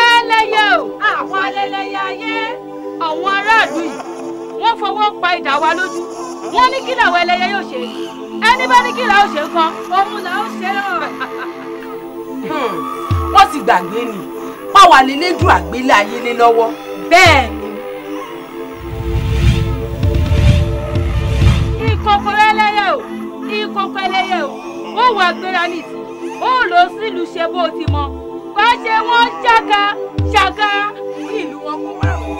ẹlẹ́yẹ o àwọn ẹlẹ́yẹ ayé àwọn aráàlú yìí wọ́n fọwọ́ pa idà wa lójú wọ́n ní kí làwọn ẹlẹ́yẹ yóò ṣe ẹni bá ní kí làwọn ṣe kan òun làwọn ṣe náà. Hmm. wọ́n ti gbàgbé ni páwa lélẹ́dùn àgbélé ayé lé lọ́wọ́. bẹ́ẹ̀ ni. ìkòkò ẹlẹ́yẹ o ìkòkò ẹlẹ́yẹ o ó wà gbéra nìtì ó lọ sílùú ṣe bó ti mọ kọ́ ṣe wọ́n ṣàkà ṣàkà. kí ìlú wọn kó má rò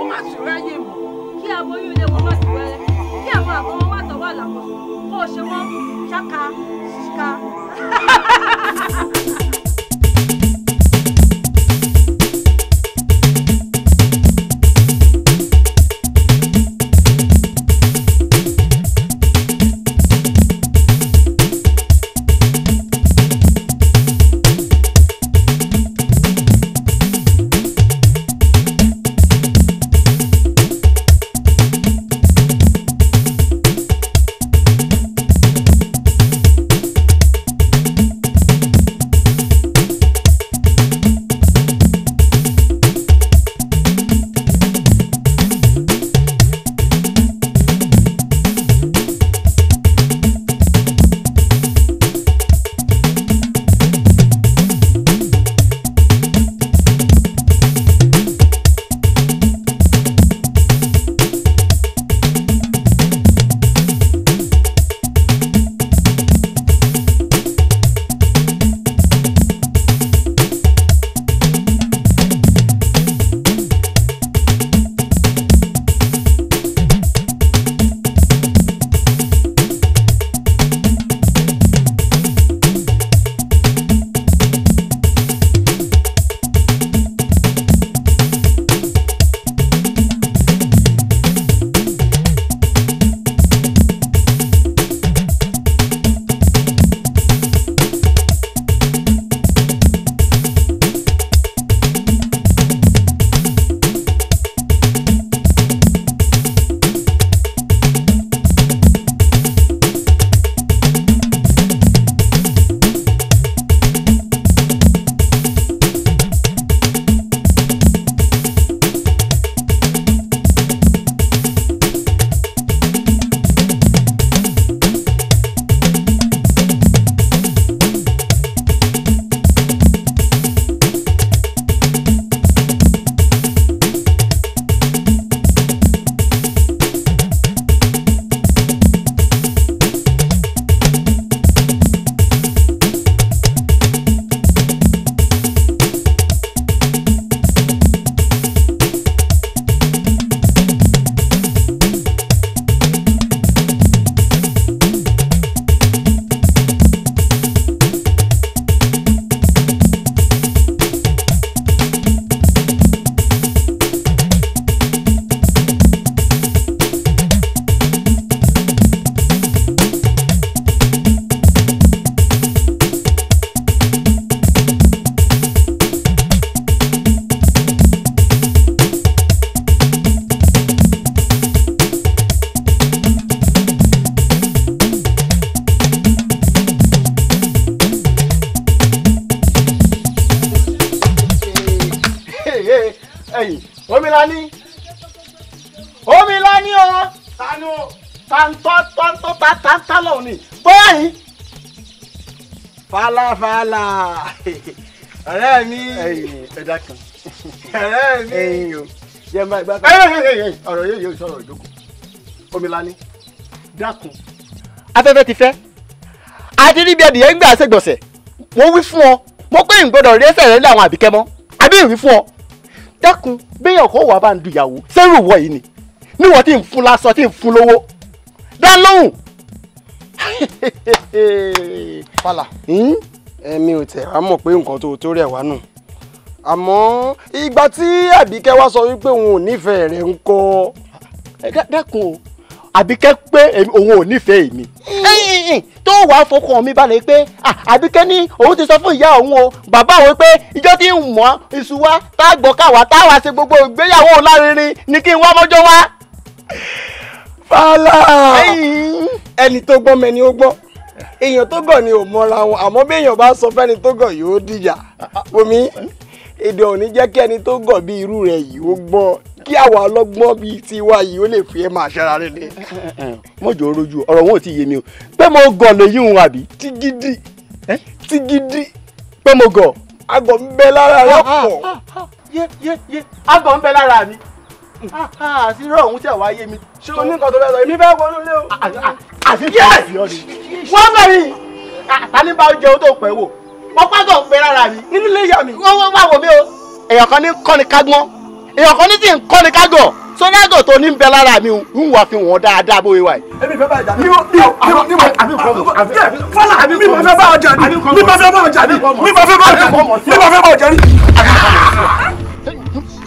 ó má sì ráyè mọ́. kí aboyún ilé wọn má sì wẹrẹ kí àwọn àbọ̀ wọn má tọwọ́ àlàkọ̀ kó ṣe wọ́n ṣàkà ṣàkà. fàlà ọ̀rẹ́ mi ẹ̀dá kan ọ̀rẹ́ mi ẹ̀yìn o jẹ́ máa gbá kan ọ̀rọ̀ yóò yóò sọ̀rọ̀ ìjókòó omilani dákun. afẹ́fẹ́ ti fẹ́ àti níbi ẹ̀dìyẹ ń gbà ṣègbọ̀nsẹ̀ mo wí fún ọ mo pé ìgbọ́dọ̀ rí ẹsẹ̀ rẹ láwọn àbíkẹ́ mọ́ àbí ìwí fún ọ dákun béèyàn kó wàá bá ń du ìyàwó sẹ́rù wọ̀ yìí ni níwọ̀n tí ń fún lásán tí ń fún lówó dá lóhùn. fàlà hmm? èmi ò tẹ̀ á pé nǹkan tó tó rẹ̀ wá nù àmọ́ ìgbà tí àbíkẹ́ wá sọ wípé òun ò nífẹ̀ẹ́ rẹ̀ ń kọ́. dẹ́kun o àbíkẹ́ pé òun ò nífẹ̀ẹ́ mi tó wàá fọkàn mi balẹ̀ pé àbíkẹ́ ní òun ti sọ fún ìyá òun o bàbá òun pé ìjọ tí ń mọ̀ iṣu wa tá a gbọ́ káwa tá a wá ṣe gbogbo ìgbéyàwó lárinrin ni kí n wá mọ́jọ́ wá. fàlà ẹni tó gbọ́ mẹ́ni ó gbọ́ èèyàn tó gọ̀ ni ò mọra wọn àmọ́ bí èèyàn bá sọ fẹ́ni tó gọ̀ yóò dìjà omi èdè òní jẹ́ kí ẹni tó gọ̀ bí irú rẹ̀ yìí ó gbọ́ kí àwa ọlọ́gbọ́n bíi tiwa yìí ó lè fi ẹ́ máa ṣara rẹ̀ lé. mọ̀jọ́ rojú ọ̀rọ̀ wọn ò tí ì yé mi o pé mo gọ̀ lèyí òun àbí. ti gidi ti gidi pé mo gọ̀. agọ̀ ń bẹ lára rẹ̀ pọ̀. agọ̀ ń bẹ lára mi àṣírò ọ̀hún tẹ̀ wáyé mi. ṣé o ní nǹkan tó fẹ́ sọ èmi fẹ́ wọnú ilé o. àṣìṣe àṣìṣe ọ̀dẹ. wọ́n bẹ̀rẹ̀ àtàlí bá jẹun tó pẹ́ wò wọ́n pàtó pẹ́ rárá mi. nínú ilé ìyá mi. wọ́n wọ́n wà wò mí o. èèyàn kan ní kọ́ni kágbọ́n èèyàn kan ní tí ń kọ́ni kágọ̀ sọ́dágọ̀ tó ní bẹ lára mi ń wà fi wọ́n dáadáa bóyá wà. èmi fẹ́ fẹ́ bá ọjà ní mi ma fẹ́ bá ọjà ní mi ma fẹ́ bá ọjà ní mi ma fẹ́ bá ọjà ní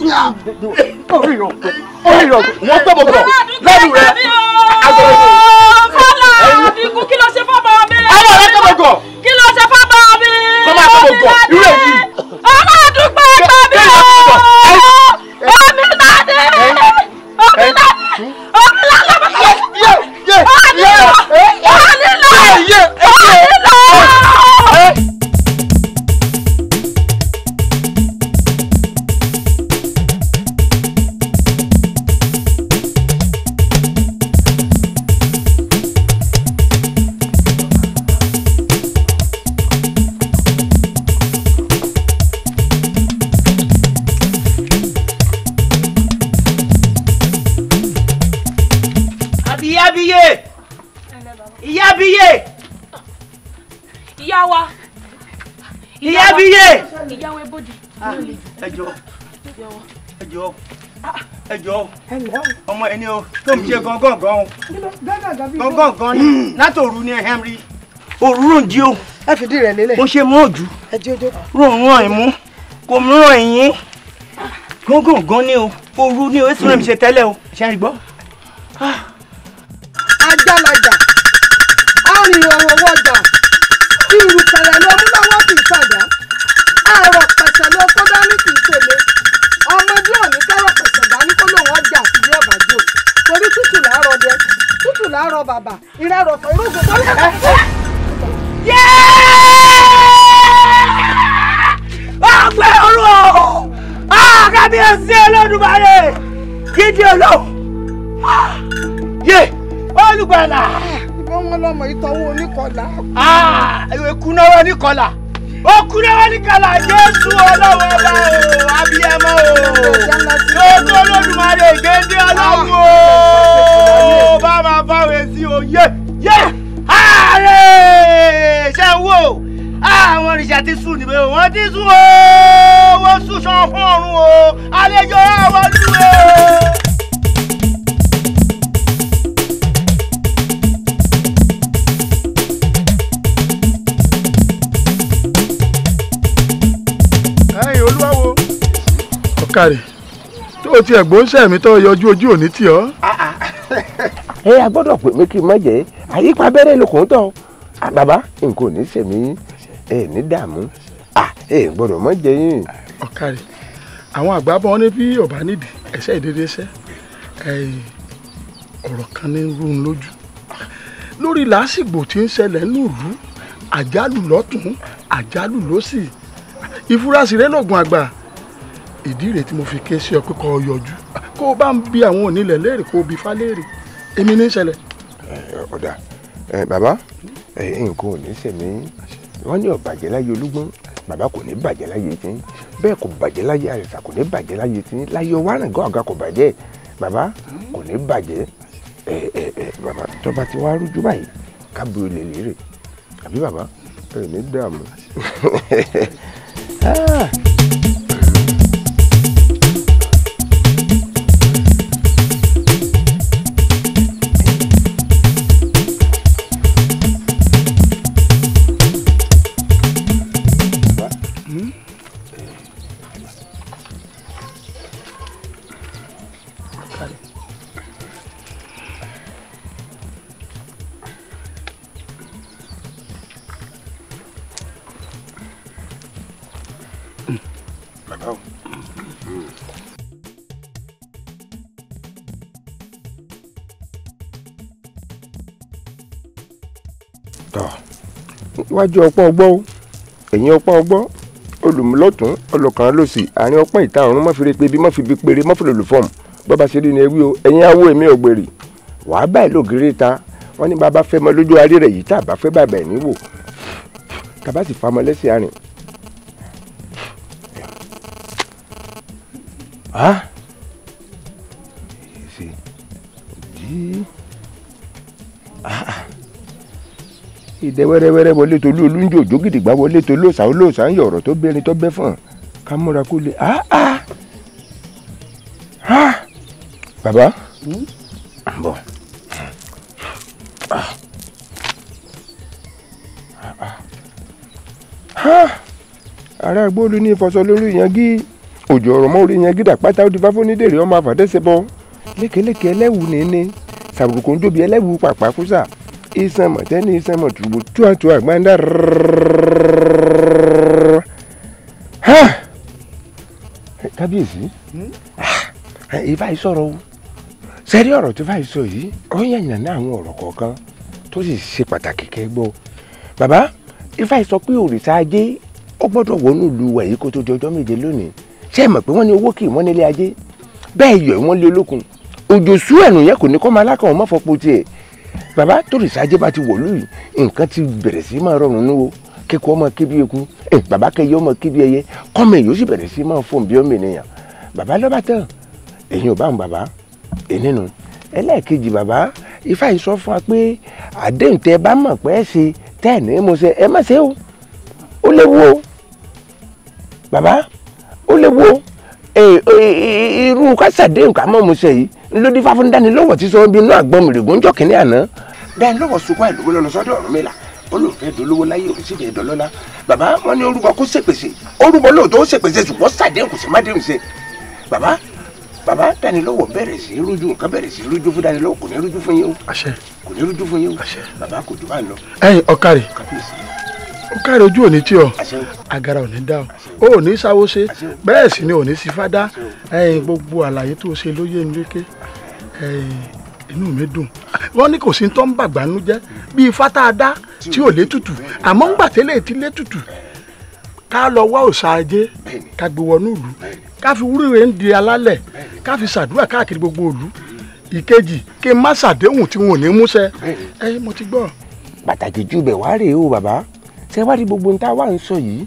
orí ìrọ̀ pé orí ìrọ̀ pé wọ́n tọ́ bọ̀ bọ̀ lẹ́nu rẹ̀ agbọ̀rọ̀ ìrọ̀. fọlá àbíkú kí ló ṣe fọ́bọ̀ mi. àwọn ọ̀rẹ́ tọ́ bọ̀ gọ̀. kí ló ṣe fọ́bọ̀ mi. kọ́ máa tọ́ bọ̀ gọ̀ irú èyí. ọmọ àdúgbò ẹ̀gbọ́n mi o. omi ládé omi ládé omi ládé. bíyè. ìyá wa. ìyá bíyè. ìyá wa ebodi. Ah, ẹ jọ ẹ jọ ẹ jọ ọmọ ẹni o tó ń ṣe gangan gan o gangan gan ni hmm. látòru ni ẹhẹm rí òróró ń di o ẹ fìdí rẹ̀ lélẹ̀ mo ṣe mọ ojú ròrùn ọyìn mú kò mìíràn ẹyìn gangan gan ni o òru ni o ẹ sì rẹ mi ṣe tẹ́lẹ̀ o ṣe é gbọ́. ajá ah. la fi ọ̀rọ̀ wọ gbà ìrùkẹ̀rẹ̀ ló mú lọ́wọ́ kì í padà àrò pẹ̀sẹ̀ ló kó dání kì í tòlé ọmọdé òní kẹ́rọ̀ pẹ̀sẹ̀ dání kó lòun ọjà sí ilé ọ̀bàjò torí tútù láàárọ̀ dẹ tútù láàárọ̀ bàbà ìrẹ́rọ̀ fẹ́ irúgbìn tó lè rẹ́. ọgbẹ́ orú o kábíyèsí gidi olóhùn yé olùgbàlà wọn lọmọ ìtọ́wọ́ oníkọlà. èkúná ah! wọn níkọlà òkúná wọn níkọlà jésù ọlọ́wọ́ ọba o abiyamọ o lóòótọ́ olódùmarè géńdé ọlọ́wọ́ o bá máa fáwọn èsì o yé yé ààrẹ ṣe ń wò ah, àwọn ìṣẹ́ ti sùn níbẹ̀ wọ́n ti sùn o wọ́n sùn sàn fún ọ̀run o àlejò àwọn ọdún o. ọ̀kàrẹ̀ tó ti ẹ̀gbọ́n sẹ̀mí tó yọjú ojú òní tì ọ́. ẹ a gbọ́dọ̀ pè mí kí n má jẹ́ àyípa abẹ́rẹ́ lókun tán bàbá nǹkan ò ní sẹ̀mí ẹ̀ ní dààmú ẹ̀ gbọ́dọ̀ mọ́ jẹ́ yín. ọ̀kàrẹ̀ àwọn àgbà bọ́ ní bí ọ̀bá nídìí ẹ̀sẹ̀ ìdédé sẹ́ ọ̀rọ̀ kan ní rún lójú lórí làásìgbò tí ń ṣẹlẹ̀ nùrú àjálù lọ́tún àjálù lọ́sì ìfurasì rẹ̀ lọ́gùn àgbà ìdí rèé tí mo fi ké sí ọ pé kó yọjú kó o bá ń bi àwọn onílẹ̀ léèrè kó o bi fa léèrè èmi ní ìṣẹ̀lẹ̀. ọ̀dà bàbá nǹkan ò ní sẹ̀mí wọ́n ní ó bàjẹ́ láyé olúgbọ́n bàbá kò ní bàjẹ́ láyé tí bẹ́ẹ̀ kò bàjẹ́ láyé àrẹ̀sà kò ní bàjẹ́ láyé tí láyé ọwárangán ọ̀gá kò bàjẹ́ bàbá kò ní bàjẹ́ bàbá tọba ti wá rújú báyìí kábí olè lérè àbí bàbá ẹ̀ ní dààmú. Ah! iwájú ọpọ́n ọgbọ́ o ẹ̀yìn ọpọ́n ọgbọ́ olùmúlọ́tún ọlọ́kàn lòsì àárín ọpọ́n ìta ọ̀run mọ́fìrí pé bí mọ́fìrí péré mọ́fìrí olùfọ́ọ̀mù bọ́ba ṣe rí ni ewí o ẹ̀yìn awo èmi ògbèrè wàá báyìí lògiri ta wọ́n ní bàbá fẹ́ mọ lójú arí rẹ̀ yìí tá a bá fẹ́ bàbá ẹ̀ níwò tàbá sì famọ lẹ́sìn àárín. ah ìdẹ wẹ́rẹ́wẹ́rẹ́ wọlé tó lú olúńjò òjò gidigba wọlé tó lóòsà olóòsà ń yọ ọ̀rọ̀ tó bẹ́ni tó bẹ́ fún ká múra kó lè ah, ah! Ah! bàbá hmm? bọ̀ ara gbóòlù ní ìfọsọ lórí ìyangí òjò ọ̀rọ̀ mọ́ orí ìyangí dàpátá ó di fáfónídèrè ọmọ àfàdẹ́sẹ̀ bọ́ lékeleke ẹlẹ́wù nìíní sàbùkù ń dóbi ẹlẹ́wù pàpà kúsà isama tena isama tubutua tua kwenda ha kábíyèsí ìfà ìsọ̀rọ̀ o sẹ́rí ọ̀rọ̀ tí fàá sọ yìí ó yànnà ní àwọn ọ̀rọ̀ kọ̀ọ̀kan tó sì ṣe pàtàkì kẹgbọ́ bàbá ifá sọ pé òrìṣà ajé ó gbọ́dọ̀ wọnú ìlú wa yìí kó tó di ọjọ́ méje lónìí ṣé ẹ mọ̀ pé wọ́n ní owó kì í wọ́n nílé ajé bẹ́ẹ̀ yọ̀ wọ́n lé olókun òjòṣú ẹ̀rùn yẹn kò ní kọ́ máa lákàn ọmọ fọpo tiẹ̀ baba tòrìṣà ajé bá ti wọ̀lú yìí nǹkan ti bẹ̀rẹ̀ sí máa rọrùn nínú o kíkọ́ ọmọ kébí eku bàbá kẹyẹ ọmọ kébí ẹyẹ kọ́mọ èyí ó sì bẹ̀rẹ̀ sí máa fún bí ọmọ ènìyàn bàbá lọ́ba tán ẹ̀yin ò bá ń bàbá ẹ̀nìnú ẹlẹ́ẹ̀kejì bàbá ifá yìí sọ fún wa pé àdéhùn tẹ bá mọ̀ pé ẹ ṣe tẹ́ ẹ̀ ní mo ṣe ẹ má ṣe o ó léwu o bàbá ó léwu o irú kásàdéhùn ká mo ṣe yìí ló dífá fún dánilọ́wọ́ tí sọ bí inú àgbọn mìrègùn jọ kínní àná dánilọ́wọ́ sunkún àìlówó lọ́nà sọ́dọ̀ Ọ̀rúnmìlà olùfẹ́ dolówó láyé òun sì fẹ́ dọlọ́lá bàbá wọn ní orúkọ kó ṣèpèsè orúkọ lóòótọ́ ó ṣèpèsè ṣùgbọ́n sàdéhùn kò sí má déhùn ṣe bàbá bàbá dánilọ́wọ́ bẹ̀rẹ̀ sí rújú nǹkan bẹ̀rẹ̀ sí rújú fún dánilọ́wọ́ kò ní rújú fún yín o àṣẹ kò ní rújú fún yín o àṣẹ bàbá kò jù bá ń lọ. ẹ̀yin ọkàrẹ kábíyèsí ó kárí ojú òní tí ọ agara òní dá o ò ní sáwó ṣe bẹ́ẹ̀ sì ni òní sí fádá ẹ̀yìn gbogbo àlàyé tó ṣe ló yé mi lékè inú mi dùn wọ́n ní kò sí tó ń bàgbà nú jẹ́ bíi fátá dá tí ò létùtù àmọ́ ń gbàtẹ́lẹ̀ tí létùtù ká lọ wá òòṣà ajé ká gbé wọnú ìlú ká fi wúrúwèé ń di alálẹ̀ ká fi ṣàdúrà káàkiri gbogbo ìlú ìkejì kí n má ṣàdéhùn tí wọn ò ní múṣẹ ẹ mo ti gbọ́. pàtàkì jù bẹ̀ wá rèé o bàbá ṣe wá rí gbogbo nta wà ń sọ yìí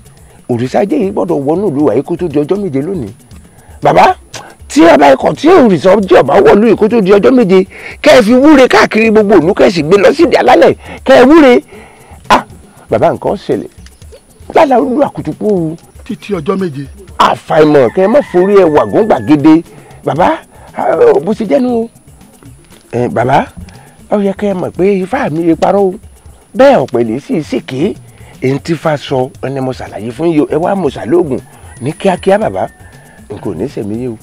òrìṣà jẹ́ yìí gbọ́dọ̀ wọnú ìlú wa kó tó di ọjọ́ méje lónìí bàbá tí ọba ikọ̀ tí òrìṣà jẹ́ ọba wọ̀lú yìí kó tó di ọjọ́ méje kẹ́ ẹ fi wúre káàkiri gbogbo òlú kẹ́ ẹ sì gbé lọ sídìí alálẹ̀ kẹ́ ẹ wúre ah baba nǹkan ṣẹlẹ̀ lálẹ́ olú àkùtùkù títí ọjọ́ méje àfàìmọ̀ kẹ́ ẹ má forí ẹ wàgùn gbàgede baba, ah, bó ti jẹ́nu bàbá ó yẹ kẹ́ ẹ mọ̀ pé ifá mi lè parọ́ bẹ́ẹ̀ ọ̀pẹ̀lẹ̀ sì sìkì èyí tí fa sọ ẹni mo ṣàlàyé fún yìí ẹ wá mo ṣàlóògùn ní kíákíá bàbá n kò ní sẹ̀mí yé o.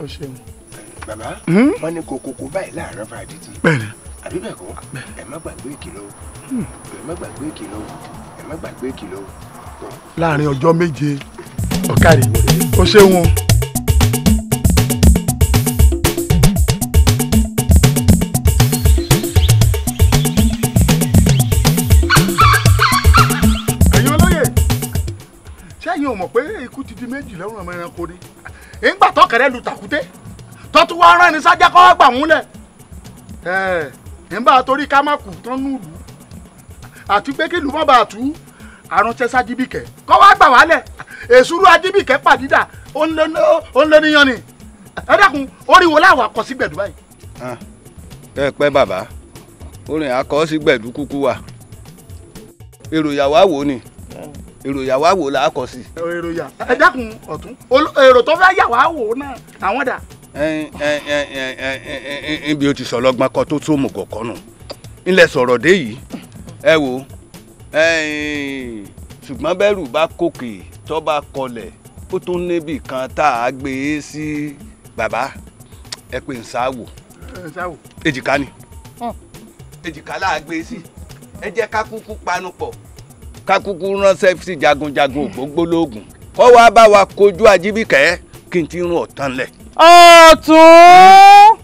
bàbá hmm? wọn ní kòkòkò báyìí láàárọ̀ fún àdìtì àbí bẹ́ẹ̀ kọ́ ẹ má gbàgbé ìkìlọ̀ hmm. ẹ má gbàgbé ìkìlọ̀ ẹ má gbàgbé ìkìlọ̀. láàárín ọjọ́ méje ọ̀kadì ó ṣeun. ò mọ̀ pé ikú ti di méjì lọ́rùn ọmọ ẹranko ni ìgbà tọkẹrẹ lu tàkúté tọ́tún wá rán ẹni sájà kọ́ gbà múlẹ̀ ìgbà torí ká má kù tán núùlù àti pé kí ìlú má bàa tú àrùnṣẹ́ sájíbìkẹ́ kọ́ wá gbà wálẹ̀ èsúrú ajíbìkẹ́ pàdídà ó ń lé níyan ni ẹ dákun oríwo láwọn akọsí gbẹ̀dú báyìí. ẹ pẹ́ bàbá orin akọ́sí gbẹ̀dú kúkú wa èrò ìyàwó àwò ni èròyà wá wò la kọ sí. èròyà ẹ dákun ọ̀tún èrò tó fẹ́ yà wá wò náà àwọn dà. ibi o ti sọ lọ́gbọ́n kan tó tó mọ̀gàn kan nù ilẹ̀ sọ̀rọ̀ dé yìí ẹ wo ṣùgbọ́n bẹ́rù bá kòkè tó bá kọlẹ̀ ó tún níbì kan tá a gbé e sí bàbá ẹ pé ń sáwò èjìká ni èjìká là gbé e sí ẹ jẹ́ ká kúkú panu pọ̀ kákúkú ránṣẹ́ sí jagunjagun ògbógbólógùn kọ́ wa bá wa kojú ajíbíkẹ́ kí n ti rún ọ̀tán lẹ̀. ọ̀tún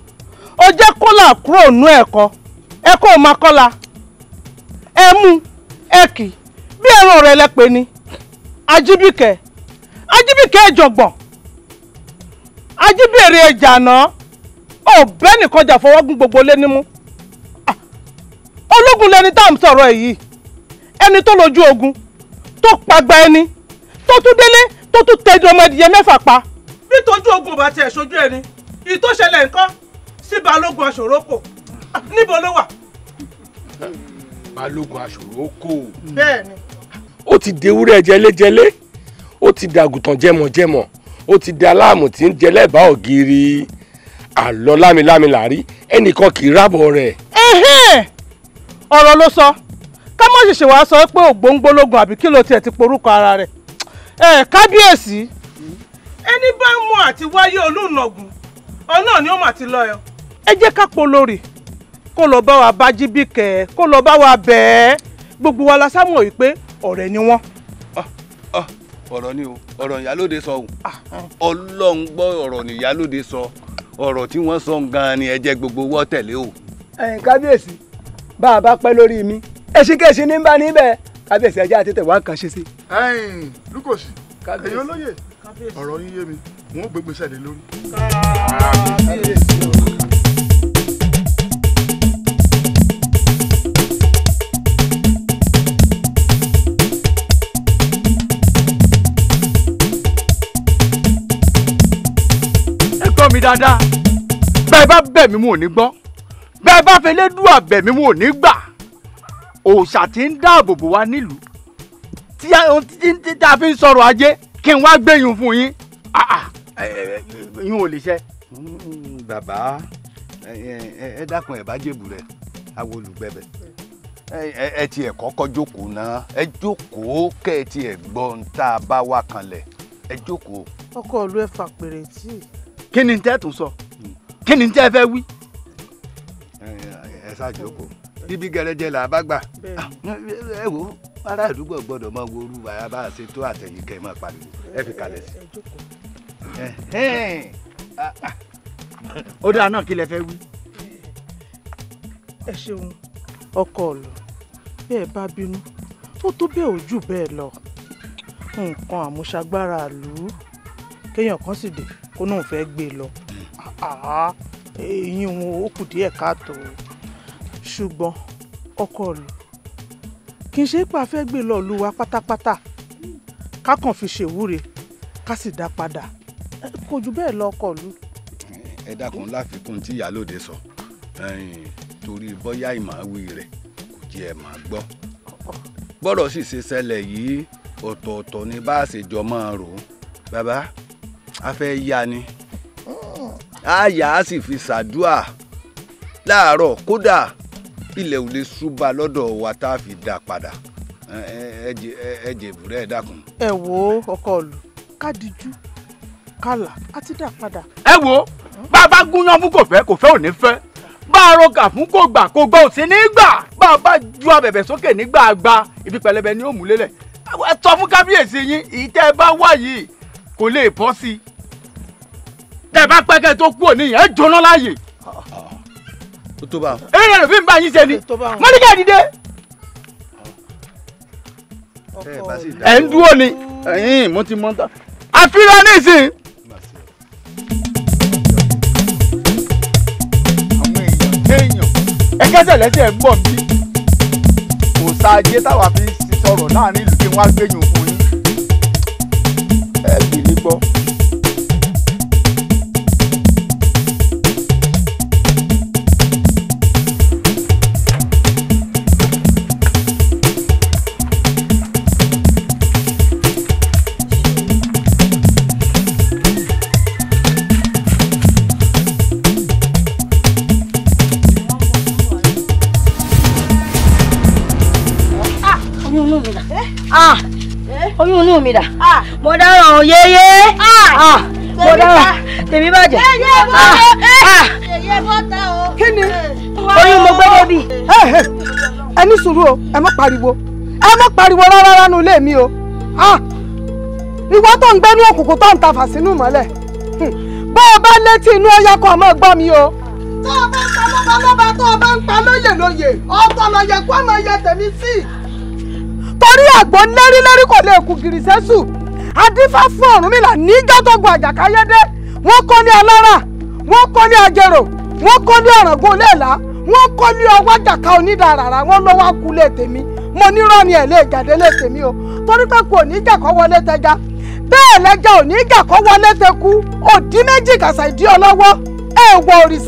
ó jẹ́ kólà kúrò nú ẹ̀kọ́ ẹ̀kọ́ ò máa eki, ẹ mú ẹ kì bí lẹ́pẹ́ ni ajibike ajíbíkẹ́ ẹ̀jọ̀gbọ̀n ajibere ẹ̀jànà ò bẹ́ẹ̀ nìkan jà fọwọ́ gún gbogbo lé nímú ah! ológun lẹni tá à ń sọ̀rọ̀ yìí ẹni tó lójú ogun tó pagba ẹni tó tún délé tó tún tẹjú ọmọ ẹdìyẹ mẹ́fà pa. bí tójú ogun ò bá tiẹ̀ ṣojú ẹni ìtòṣẹlẹ̀ nǹkan sí balógun aṣòrókò níbo ló wà. balógun aṣòrókò. bẹ́ẹ̀ni. ó ti dewúrẹ́ jẹlẹ́jẹlẹ́ ó ti dàgùtàn jẹmọ̀jẹmọ̀ ó ti di aláàmù tí ń jẹ lẹ́bàá ògiri àlọ́ lámilámi làárí ẹnìkan kì í rábọ̀ rẹ̀. ọ̀rọ̀ ló sọ. So ká má ṣẹ̀ṣẹ̀ wá sọ pé ògbóngbólógún àbí kí ló tiẹ̀ ti porúkọ ara rẹ̀ ẹ kábíyèsí ẹni bá mú àti wáyé olùnàgùn ọ̀nà ni ó mà ti lọ ẹ. ẹ jẹ́ ká polórì kó lọ bá wa bá jíbìkẹ́ kó lọ bá wa bẹ̀ẹ́ gbogbo wa la sámọ̀ yìí pé ọ̀rẹ́ ni wọ́n. Ah, ah, ọ̀rọ̀ ni o ọ̀rọ̀ ìyálóde sọ ohun ọlọ́run gbọ́ ọ̀rọ̀ ni ìyálóde sọ ọ̀rọ̀ tí wọ́n sọ gan-an ni ẹ jẹ́ gbogbo wọ́ tẹ̀lé o. ẹ̀yin kábíyèsí bá a bá pẹ́ lórí mi ẹṣinkéṣin ní bá níbẹ̀ kábíyèsí ajá àti tẹ̀wá kan ṣe sí. ẹ̀yin lukosi ẹ̀yin olóye ọ̀rọ̀ yín yé mi wọn ò gbégbé sẹ́lẹ̀ lórí. ẹ gbọ́ mi dáadáa bẹ́ẹ̀ bá bẹ̀ mí mò ní gbọ́ bẹ́ẹ̀ bá fẹ́ lẹ́dùn àbẹ̀ mí mò ní gbà òòṣà tí ń dáàbò bò wá nílùú tí a fi ń sọ̀rọ̀ ajé kí n wá gbẹ̀yìn fún yín ah, ah, yín ò lè ṣe. Mm, bàbá ẹ dákun ẹ bá jèbù rẹ àwọn olùgbẹbẹ ẹ tiẹ̀ kọ́kọ́ jókòó náà ẹ jókòó kẹ́ ẹ tiẹ̀ gbọ́ ń tá a bá wà kanlẹ̀ ẹ jókòó. ọkọ ìlú ẹ fà pèrè tí. kí ni tẹ́ tún sọ kí ni tẹ́ fẹ́ wí. ẹ ṣáà jókòó ibi gẹrẹjẹ là bá gbà ah, ẹ wo ará àdúgbò gbọ́dọ̀ máa wo orú wàá bá a ṣe tó àtẹyìn kẹ máa pariwo ẹ fi kalẹ̀ sí. ó dáa náà kí lẹ fẹ́ wí. ẹ ṣeun ọkọ ọlọ bẹ́ẹ̀ bá bínú ó tó bẹ́ẹ̀ ò jù bẹ́ẹ̀ lọ nǹkan àmúṣagbára lù ú kéèyàn kan sì dé kó náà fẹ́ gbé e lọ èyí hmm. wọn ó kù díẹ̀ káàtó ṣùgbọ́n kọ́kọ́ lù kì í ṣe pé a fẹ́ gbé lọ lù wá pátápátá ká kàn fi ṣèwúre ká sì dá padà kò jù bẹ́ẹ̀ lọ ọkọ lù. ẹ dákun láfikún tí ìyálòde sọ torí bóyá ìmàwí rẹ̀ kò jẹ́ ẹ máa gbọ́ gbọ́dọ̀ sì ṣe ṣẹlẹ̀ yìí ọ̀tọ̀ọ̀tọ̀ ni bá a ṣe jọ máa rò ó bàbá a fẹ́ yá ni àyà hmm. á sì fi ṣàdúà láàárọ̀ kódà ilẹ̀ ò lè ṣúbà lọ́dọ̀ wa tá a fi dá a padà ẹ jẹ ìbúrẹ́ ẹ dákun. ẹ wo ọkọ òlù ká dijú kálà á ti dá padà. ẹ wo bá a bá gúnyán mú kò fẹ́ kò fẹ́ ò ní fẹ́ bá a rọgà fún kò gbà kò gbà ò sí ní gbà bá a bá ju abẹ̀bẹ̀ sókè nígbà àgbà ibi pẹlẹbẹ ni ó mú lélẹ̀ ẹ sọ fún kábíyèsí yín ìtẹ́ ẹ bá wà yìí kò lè bọ́ sí i tẹ́ bá pẹ́kẹ́ tó kú òní yẹn jóná láàyè tó tó bá wọn. eré rẹ̀ ló fi ń bá yín ṣe ni mọ́níkà dìde. ẹ̀ ń dúró ni ẹ̀yìn mo ti mọ́ta àfihàn nísìnyí. ẹgẹ́sẹ̀ lẹ́sẹ̀ ń bọ̀ bí kò sáájé táwa fi sọ̀rọ̀ láàrin ìlú kí wọ́n á gbẹ̀yìn òkun yín ẹ bìrì gbọ́. ah eh? oyún inú mi dà ah. mo dáràn yéyé ah. Ah. mo dáràn tèmi bàjẹ́ eh, eh, kí ni oyún mo gbé débi. ẹ ní sùúrù o ẹ má pariwo ẹ má pariwo rárá ránú ilé mi o ìwọ tó ń gbẹ́nu òkùnkùn tó ń tafà sínú mọ́lẹ̀ hmm. bó o bá létí inú ọyá kan ọmọ gbọ́ mi o. tó o bá ń pa lọ́ba lọ́ba tó o bá ń pa lóyè lóyè ọ̀tọ̀ ọmọ yẹ kó ọmọ yẹ tèmi sí i. orí àgbò lérí lérí kò lè kú gìrì sẹ́sù adífá fún Ọ̀rúnmìlà níjọ́ tó gun àjàkáyédé wọ́n kọ́ ní alára wọ́n kọ́ ní ajérò wọ́n kọ́ ní ọ̀ràngún léèlá wọ́n kọ́ ní ọwọ́ àjàká onídàràrà wọ́n lọ́ wá kú lé tèmi mo ni ẹ̀ lé o torí pé kò ní jàkọ́ wọlé tẹja bẹ́ẹ̀ lẹ́jà ò ní wọlé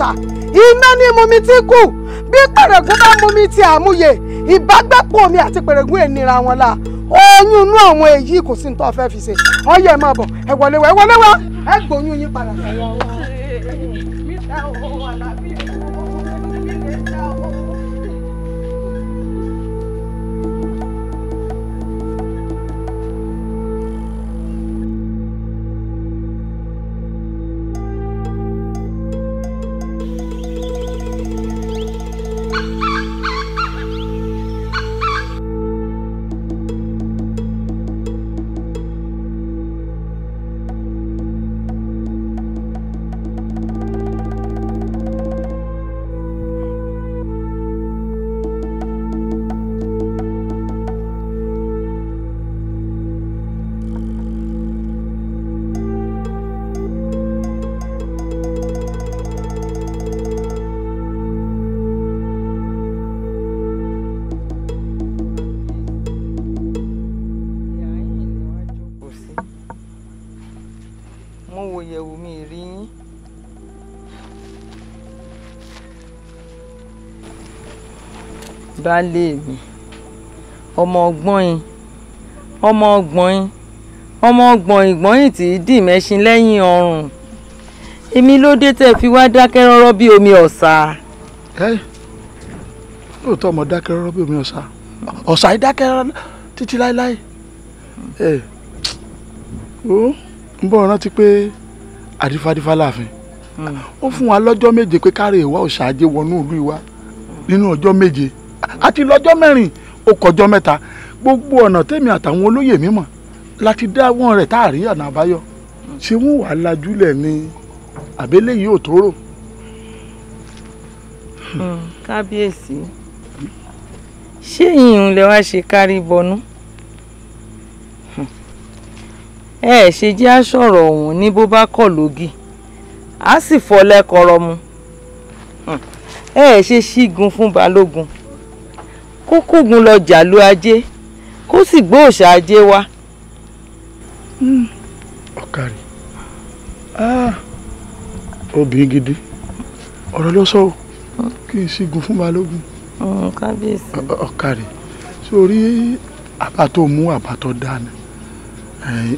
iná ní mumi tí kù bí pẹ̀rẹ̀gún bá mumi ti àmúyẹ ìbágbẹ́pọ̀ omi àti pẹ̀rẹ̀gún ènìra wọn la oyún inú àwọn èyí kò sí ní fẹ́ fi ṣe wọ́n yẹ máa bọ̀ ẹ wọlé wá ẹ wọlé wá ẹ gbóyún yín padà. baálé mi ọmọ ọgbọ́n yín ọmọ ọgbọ́n yín ọmọ ọgbọ́n ìgbọ́n yín tí dì mẹ́ṣin lẹ́yìn ọrùn èmi ló dé tẹ́ fi wá dákẹ́ rọ́rọ́ bí omi ọ̀sà. ẹ lóòótọ́ ọmọ dákẹ́ rọ́rọ́ bí omi ọ̀sà ọ̀sà yìí dákẹ́ rọ́rọ́ títí láéláé ẹ ó ń bọ̀ rántí pé àdífádífá láàfin hmm. ó fún wa lọ́jọ́ méje pé káre ìwà òṣàjẹ́ wọnú ìlú ìwà nínú ọjọ́ méje. Mm. àti lọ́jọ́ mẹ́rin ó kọjọ́ mẹ́ta gbogbo ọ̀nà tèmi àtàwọn olóyè mi mọ̀ láti dá wọn rẹ̀ tá a rí ọ̀nà àbáyọ ṣé wọn wàá lajúlẹ̀ ni àbẹ́lẹ̀ yìí ò tóró. Hmm, kábíyèsí ṣé ìyún lẹ wá ṣe kárí bọnú ẹ ṣe jẹ́ àṣọ̀rọ̀ ọ̀hún ní bó bá kọ̀ lógì á sì fọ́ lẹ́kọ̀ọ́rọ́ mu hmm, ẹ ṣe ṣígun fún balógun kó kógun lọ jàlú ajé kó sì gbé òòṣà ajé wá. Hmm. ọ̀kàrí ah. obìnrin gidi ọ̀rọ̀ ló sọ kí n ṣígun fún balógun hmm, kábíyèsí ọ̀kàrí sórí àbá tó mú àbá tó dáná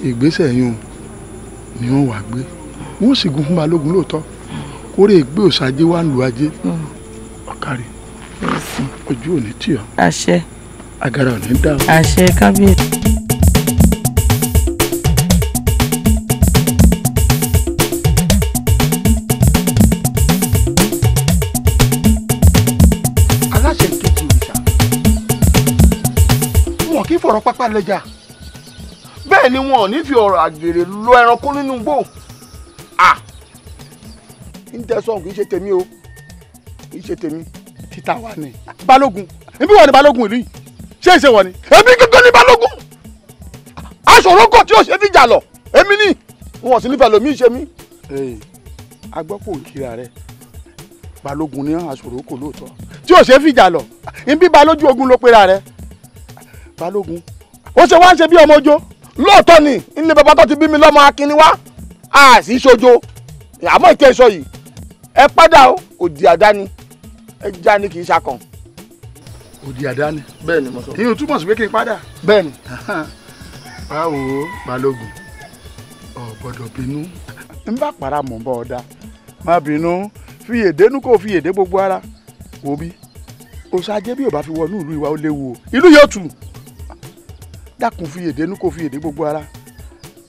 ìgbésẹ̀ yìí ni wọ́n wà gbé wọ́n ṣígun fún balógun lóòótọ́ kórè gbé òòṣà ajé wá ń lu ajé hmm. ọ̀kàrí. Mm ojú ò ní tì ọ́. àṣẹ. àgàrà ò ní dà ọ́. àṣẹ kábíyèsí. aláṣẹ kejì òrìṣà wọn kì í fọ̀rọ̀ pápá lẹ́jà bẹ́ẹ̀ ni wọn ò ní fi ọ̀rọ̀ àgbèrè lọ ẹranko nínú igbó ń tẹ sọ kì í ṣe tèmi o kì í ṣe tèmi títà wa ni balógun ẹbí wọn ni balógun ìlú yìí ṣé ìṣe wọn ni ẹbí gángan ni balógun aṣọ̀rọ̀ kọ̀ tí ó ṣe fìjà lọ èmi ni wọn sì nífẹ̀ẹ́ lómi ṣe mí. agbọ́pọ̀ òkìra rẹ balógun ní aṣọ̀rọ̀ kọ̀ lóòótọ́ tí ó ṣe fìjà lọ ẹbí balójú ogun ló pera rẹ balógun ó ṣe wá ń ṣe bí ọmọ ojó lóòótọ́ ni ilé bàbá tó ti bí mi lọ́mọ akínní wá a sì ṣojo àmọ́ ìkẹsọ yìí ẹ padà ó òdì àdáni ẹja ni kì í ṣakàn. òdì àdáni. bẹ́ẹ̀ ni mo sọ. ìyẹn ò túmọ̀ sí pé kí n padà. bẹ́ẹ̀ ni. báwo balógun ò gbọ́dọ̀ bínú. n bá para mọ̀ bọ́ ọ da má bínú fiyèdénú kò fiyèdé gbogbo ara wò bí òṣàjẹ́ bí ò bá fi wọnú ìlú ìwà ó léwu o ìlú yóò tù dákun fiyèdénú kò fiyèdé gbogbo ara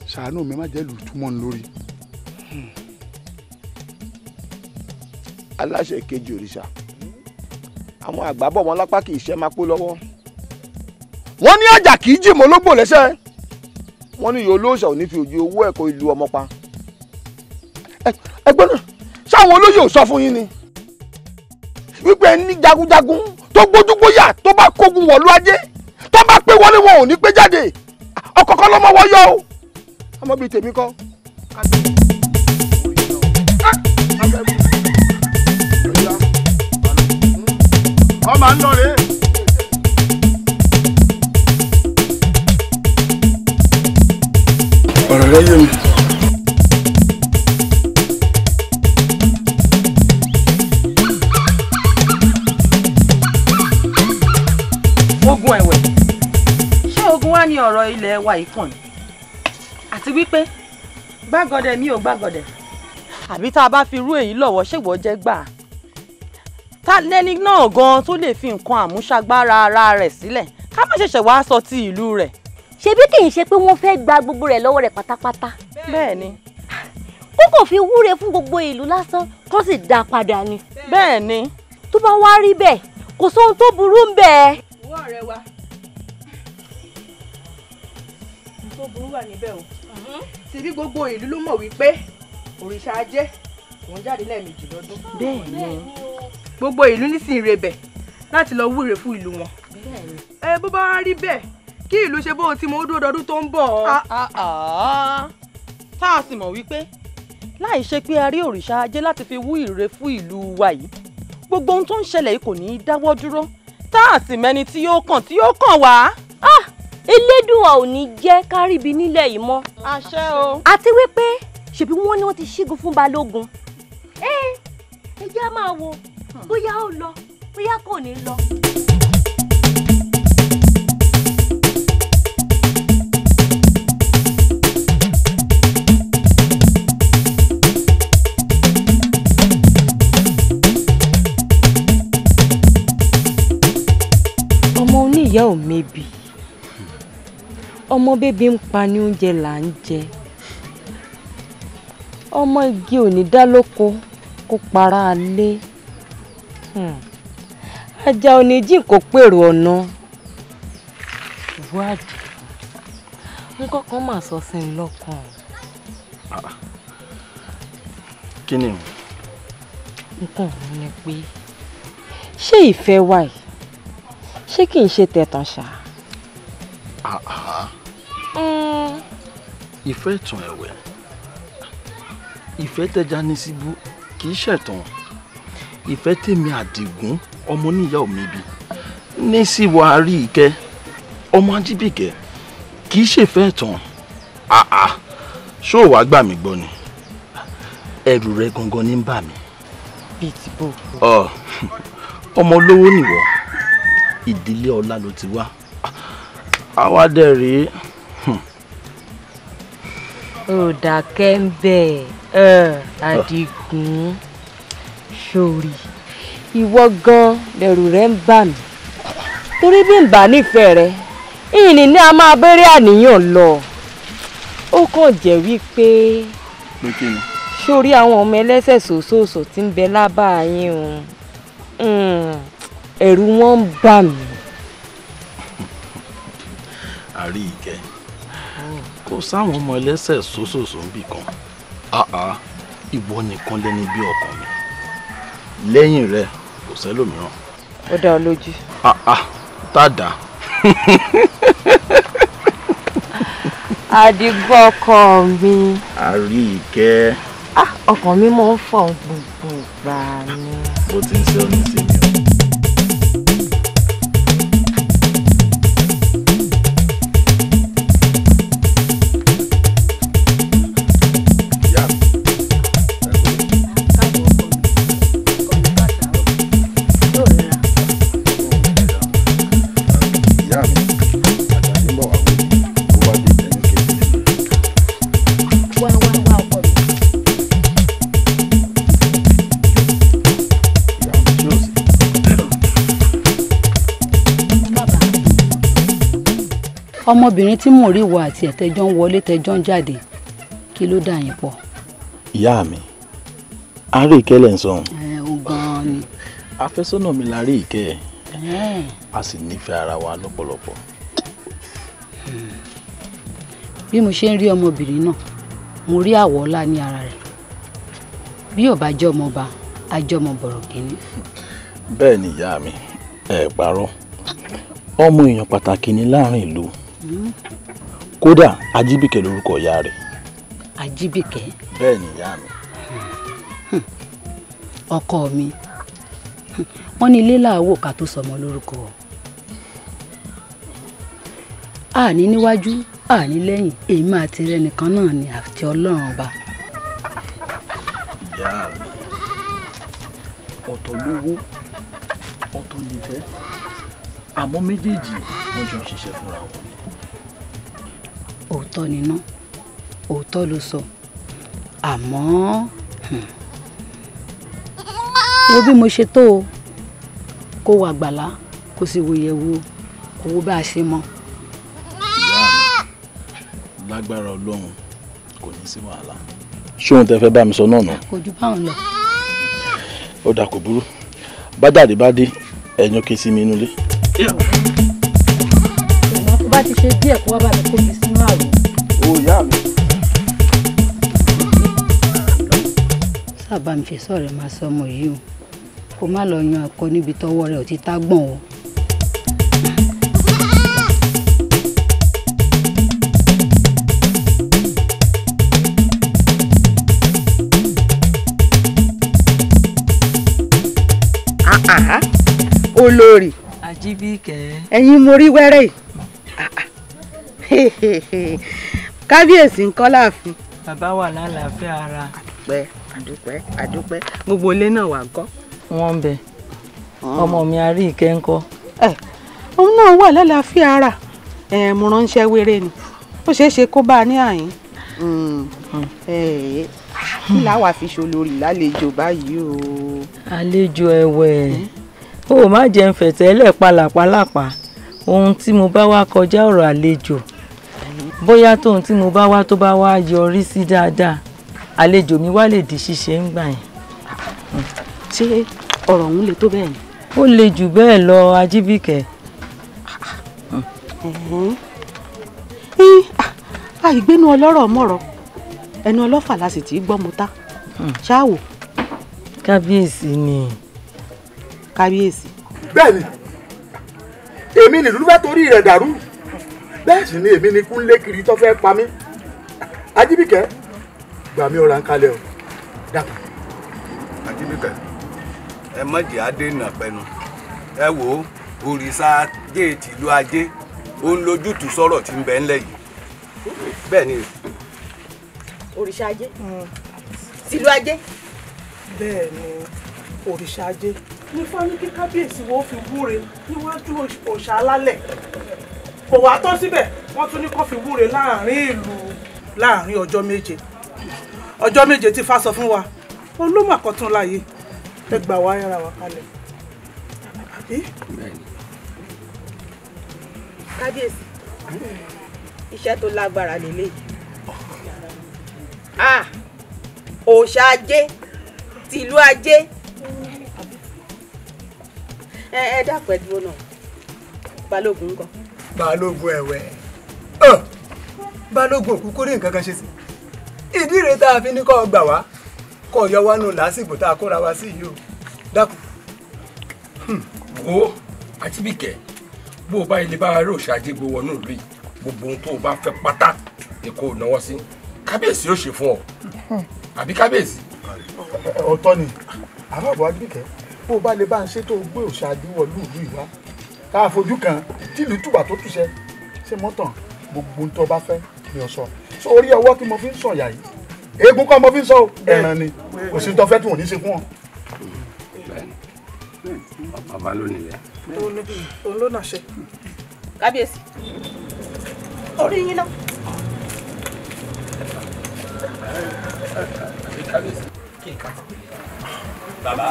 ṣàánú mi má jẹ́ lù túmọ̀ ń lórí. Hmm. aláṣẹ kejì òrìṣà àwọn àgbà bọ̀ wọn lápá kì í ṣe máa pó lọ́wọ́ wọ́n ní àjà kì í jì mọ́ lógbò lẹ́sẹ̀ wọ́n ní ìyá olóòṣà ò ní fi òjò owó ẹ̀kọ́ ìlú ọmọ pa ẹgbẹ́ náà sáwọn olóyè ò sọ fún yín ni wípé ní jagunjagun tó gbójúgbóyà tó bá kógun wọ̀lú ajé tó bá pé wọlé wọn ò ní pé jáde ọkọ̀ọ̀kan lọ́mọ wọ́yọ́ o tèmi kọ́. ọmọ ń lọrẹ. ọ̀rọ̀ rẹ yé mi. ogun ẹ̀wẹ̀ ṣé ogun wá ní ọ̀rọ̀ ilẹ̀ wa yìí kàn àti wípé gbàgọdẹ mi ò gbàgọdẹ àbí tá a bá fi rú èyí lọ́wọ́ ṣègbọ́ jẹ́ gbà á ta lẹni náà gan tó lè fi nǹkan àmúṣagbára ara rẹ̀ sílẹ̀ ká má ṣẹ̀ṣẹ̀ wá sọ ti ìlú rẹ̀. ṣebí kì í ṣe pé wọ́n fẹ́ẹ́ gba gbogbo rẹ̀ lọ́wọ́ rẹ̀ pátápátá. bẹ́ẹ̀ ni. ó kàn fi wúre fún gbogbo ìlú lásán tó sì dá a padà ni. bẹ́ẹ̀ tó bá wá rí bẹ́ẹ̀ kò sóhun tó burú ń bẹ́ẹ̀. owó ọ̀rẹ́ wa tó burú wà níbẹ̀ o ṣebí gbogbo ìlú ló mọ̀ wípé òrìṣà ajé mò ń jáde lẹ́ẹ̀mejì lọ́dún. bẹ́ẹ̀ ni gbogbo ìlú nísìnyí rebẹ̀ láti lọ wúre fún ìlú wọn. ẹ bó bá rí bẹ́ẹ̀ kí ìlú ṣe bó ti mọ ó dúdọọdún tó ń bọ̀ ọ́. Ah, ah, ah. tá a sì mọ̀ wípé láì ṣe pé a rí òrìṣà ajé láti fi wú ìre fún ìlú wa yìí gbogbo ohun tó ń ṣẹlẹ̀ yìí kò ní í dáwọ́ dúró tá a sì mẹ́ni tí yóò kàn tí yóò kàn wá. elédùn ò ní jẹ́ káríbi nílẹ̀ yìí mọ́. àṣẹ o. àti wípé ṣebí wọ́n ní wọ́n ti ṣígun fún balógun ẹ eh, ẹ jẹ́ máa wo bóyá ó lọ bóyá kò ní lọ. ìyá ò mebi ọmọ bébí ń pa ní oúnjẹ là ń jẹ ọmọ igi ò ní dá lóko kó para lé hmm. ajá oníjì kò pèrò ọ̀nà ìwádìí nǹkan kan mà sọ sí i lọ́kàn. Ah. kí ni. nǹkan mi ni pé ṣé ìfẹ́ wà yìí ṣé kì í ṣe tẹ̀tàn ṣá. Hmm. ìfẹ́ tún ẹ̀wẹ̀ ìfẹ́ tẹja ní síbú kì í ṣẹ̀tàn ìfẹ́ tèmi àdìgún ọmọ oníyàwó mi bi ní sí wa rí ìkẹ́ ọmọ ajíbìkẹ́ kì í ṣèfẹ́ ẹ̀tàn àà ṣó wá gbà mí gbọ́ ni ẹrù rẹ gangan ní ń bà mí. bíi ti bò. ọmọ olówó nìwọ ìdílé ọlá ló ti wá àwa dẹ̀ rèé ò dákẹ́ ń bẹ̀ ẹ́ Àdìgún sórí ìwọ gan lẹ̀rù rẹ ń bà mí torí bí n bá nífẹ̀ẹ́ rẹ ìní ni a máa bẹ̀rẹ̀ àníyàn lọ ó kàn jẹ́ wípé sórí àwọn ọmọ ẹlẹ́sẹ̀ sòsòsò tí ń bẹ lábá o hmm, ẹ̀rù wọn ń bà mí. àrí ìkẹ́ kò sáwọn ọmọ ẹlẹ́sẹ̀ sósòsò ń bì kan àá ìwọ nìkan lẹ́ni bí ọkàn mi lẹ́yìn rẹ kò sẹ́lòmíràn. ó dá ọ lójú. àá tá a dá. àdìgbò ọkàn mi. àríkẹ́. Ah, ọkàn mi máa ń fọ̀ gbogbo ìgbà ni. ó ti ń ṣe ọ́ ní sí i. ọmọbìnrin tí mò ń rí ìwọ àti ẹ̀tẹ́jọ́ ń wọlé tẹ́jọ́ ń jáde kí ló dà yín pọ̀. ìyá mi àárẹ̀ ìkẹ́lẹ̀ ń sọ̀hún. ẹ o gan-an ni. afẹ́sọ́nà mi la rí ìkẹ́ ẹ̀ a sì nífẹ̀ẹ́ ara wa lọ́pọ̀lọpọ̀. bí mo ṣe ń rí ọmọbìnrin náà mo rí àwọ̀ ọ̀la ní ara rẹ̀ bí ò bá jẹ́ ọmọọba a jẹ́ ọmọ bọ̀rọ̀ kìíní. bẹ́ẹ̀ ni ìyá mi ẹ̀ parọ́ ọmọ èèyàn pàtàkì ni láàrin ìlú kódà ajíbíkẹ́ lórúkọ ìyá rẹ̀. ajíbíkẹ́. bẹ́ẹ̀ ni ìyá mi. Hmm. ọkọ mi wọ́n ní ilé làwọ̀ ká tó sọmọ lórúkọ a ní níwájú a ní lẹ́yìn èyí máa ti rẹ nìkan náà ni àti ọlọ́run ọba. ìyá mi ọ̀tọ̀ lówó ọ̀tọ̀ nìfẹ́ àmọ́ méjèèjì wọ́n jọ ń ṣiṣẹ́ fúnra wọn òótọ́ ni ná òótọ́ ló sọ àmọ́ hmm. wo bí mo ṣe tó o kó wà gbàlá kó sì wo yẹ̀wò owó bá a ṣe mọ. lágbára ọlọ́run kò ní sí wàhálà ṣé òun tẹ fẹ́ bá mi sọ náà nù. kò ju báwọn lọ. ó dà kò burú bá jáde bá dé ẹ̀yàn ké sí mi inú ilé. Yeah ṣe díẹ̀ kó wá bá mi kó mi sínú àrò. o mi. sábà mi fi sọ̀rọ̀ máa sọ ọmọ yìí o kó má lọ yan akọ níbi tọ́wọ́ rẹ̀ ò ti tá gbọ̀n o. Ah, ah, ah. olórí. àjíbíkẹ́. ẹ̀yin mo rí wẹ́rẹ́ yìí kábíyèsí ńkọ́ láàfin. bàbá wà lálàáfíà ara. àdúpẹ́ àdúpẹ́ àdúpẹ́ gbogbo ilé náà wà ńkọ́. wọ́n ń bẹ ọmọ mi arí ìkẹ́ ńkọ́. Eh, òun náà wà lálàáfíà ara eh, mo ránṣẹ́ wéré ni ó ṣeé ṣe kó bá a ní àyín hmm. eh, kí làwa fi ṣolórí lálejò báyìí o. àlejò ẹ̀wẹ̀ o má jẹun fẹ̀tẹ́lẹ̀ pálapàlapà ohun tí mo bá wá kọjá ọ̀rọ̀ àlejò bóyá tóun tí mo bá wá tó bá wá yọrí sí dáadáa àlejò mi wá lè di ṣíṣe ń gbà yẹn. ṣé ọ̀rọ̀ ọ̀hún le tó bẹ́ẹ̀ ni. ó le jù bẹ́ẹ̀ lọ ajíbìkẹ́. àìgbénu ah, ọlọ́rọ̀ mọ̀rọ̀ ẹnu ọlọ́fà la sì ti gbọ́ mu ta hmm. ṣáàwò. kábíyèsí ni. kábíyèsí. bẹ́ẹ̀ni èmi nìlú fẹ́ torí rẹ̀ dàrú. bẹ́ẹ̀ sì ni èmi ni kúnlé kiri tó fẹ́ pa mí ajíbíkẹ́ gbà mí ọ̀ràn kalẹ̀ o dàpọ̀. ajíbíkẹ́ ẹ mọ̀jì adéǹnà pẹnu ẹ wò ó òrìṣà géètì ìlú ajé ó ń lójútùú sọ̀rọ̀ tí ń bẹ ńlẹ̀ yìí bẹ́ẹ̀ ni. òrìṣà ajé hmm. tìlú ajé. bẹ́ẹ̀ ni òrìṣà ajé ní kábíyèsí wo fi wúre níwájú alálẹ̀ kò wá tó síbẹ̀ wọ́n tún ní kó fi wúre láàrin ìlú láàrin ọjọ́ méje ọjọ́ méje tí fa sọ fún wa olómọ àkọ́tún láàyè ẹ gbà wá yára wá kalẹ̀. kábíyèsí iṣẹ́ tó lágbára lélẹ̀ òòṣà ajé tìlú ajé ẹ dákun ẹ dúró náà balógun ńkọ́ balógun ẹ̀wẹ̀ balógun òkú kórè nǹkan kan ṣe sí ìdí rèé tá a fi ní kọ́ ọ gbà wá kọ́ ọ yọ wá nù lásìkò tá a kóra wá sí yìí o dákun. Hmm. wo àti bíkẹ́ bó o bá ilé bá rò ṣáájú gbowó inú ìlú yìí gbogbo ohun tó o bá fẹ́ pátá ni kò náwó sí kábíyèsí yóò ṣe fún ọ àbí kábíyèsí. ọ̀tọ̀ ni àbábọ̀ adúbìkẹ́ bó o bá lè bá ń ṣètò gbé òṣàdúwọ̀ lùlù ìwá tá a fojú kan tìlú tùbà tó túṣẹ ṣé mọ́tàn gbogbo tó bá fẹ́ ni ọ sọ so orí ọwọ́ tí mo fi ń sọ̀yà yìí eégún kọ́ mo fi ń sọ ẹ̀ràn ni kò sí tó fẹ́ tí wọ́n ní í ṣe fún ọ. bàbá ló nílẹ̀. òun ló náà ṣe. kábíyèsí orí yín náà. kí n kà bàbá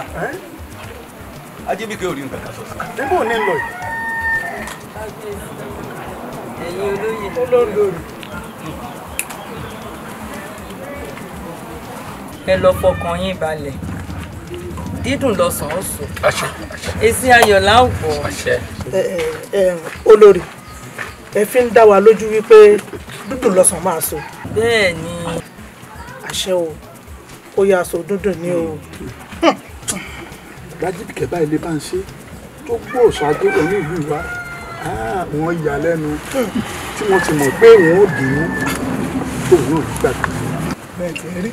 ajébíkẹ́ ò rí nǹkan kan sọ sí. níbo ni lọ yìí. ẹ̀yin olóyè olóńdòrò. ẹ lọ fọkàn yín balẹ̀ dídùn lọ́sàn-án sùn èsì ayọ̀ láwùjọ. olórí ẹ fi ń dá wa lójú wípé dúdùn lọ́sàn-án máa so. bẹ́ẹ̀ ni. àṣẹ o ó yà so dúndùn ní o. Hmm gbajúbìkẹ́ báyìí lè bá ń ṣe tó gbòòsọ agbóhùn ní ìlú wa wọ́n yà lẹ́nu tí wọ́n ti mọ̀ pé wọ́n ò dùnú tóun náà gbàgbé. bẹ́ẹ̀ ti rí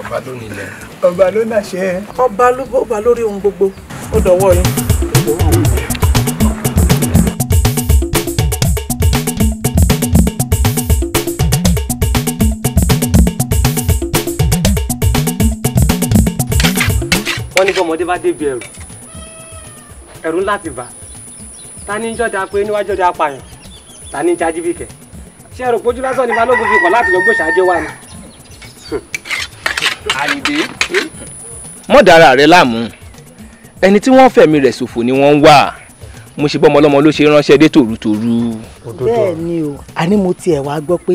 ọba ló nílẹ̀. ọba ló náà ṣe é. ọba ló bó ba lórí ohun gbogbo ó dọ̀wọ́ yín. ọmọdé bá débi ẹ̀rù ẹ̀rù ńlá ti bà ta ní jọ́dá pé níwájú ọdẹ apààyàn ta ní jájí bí kẹ̀ ṣé ẹ̀rù pójú lásán ni balógun fi kàn láti lọ gbòṣàjẹ́ wá ni. àyìnbí hmm? mọ́ dára rẹ láàmú ẹni tí wọ́n fẹ̀mí rẹ̀ ṣòfò ni wọ́n ń wá mo ṣe bọ́mọ ọlọ́mọ ló ṣe ránṣẹ́ dé tòrútòrú. bẹ́ẹ̀ ni o àní mo tiẹ̀ wá gbọ́ pé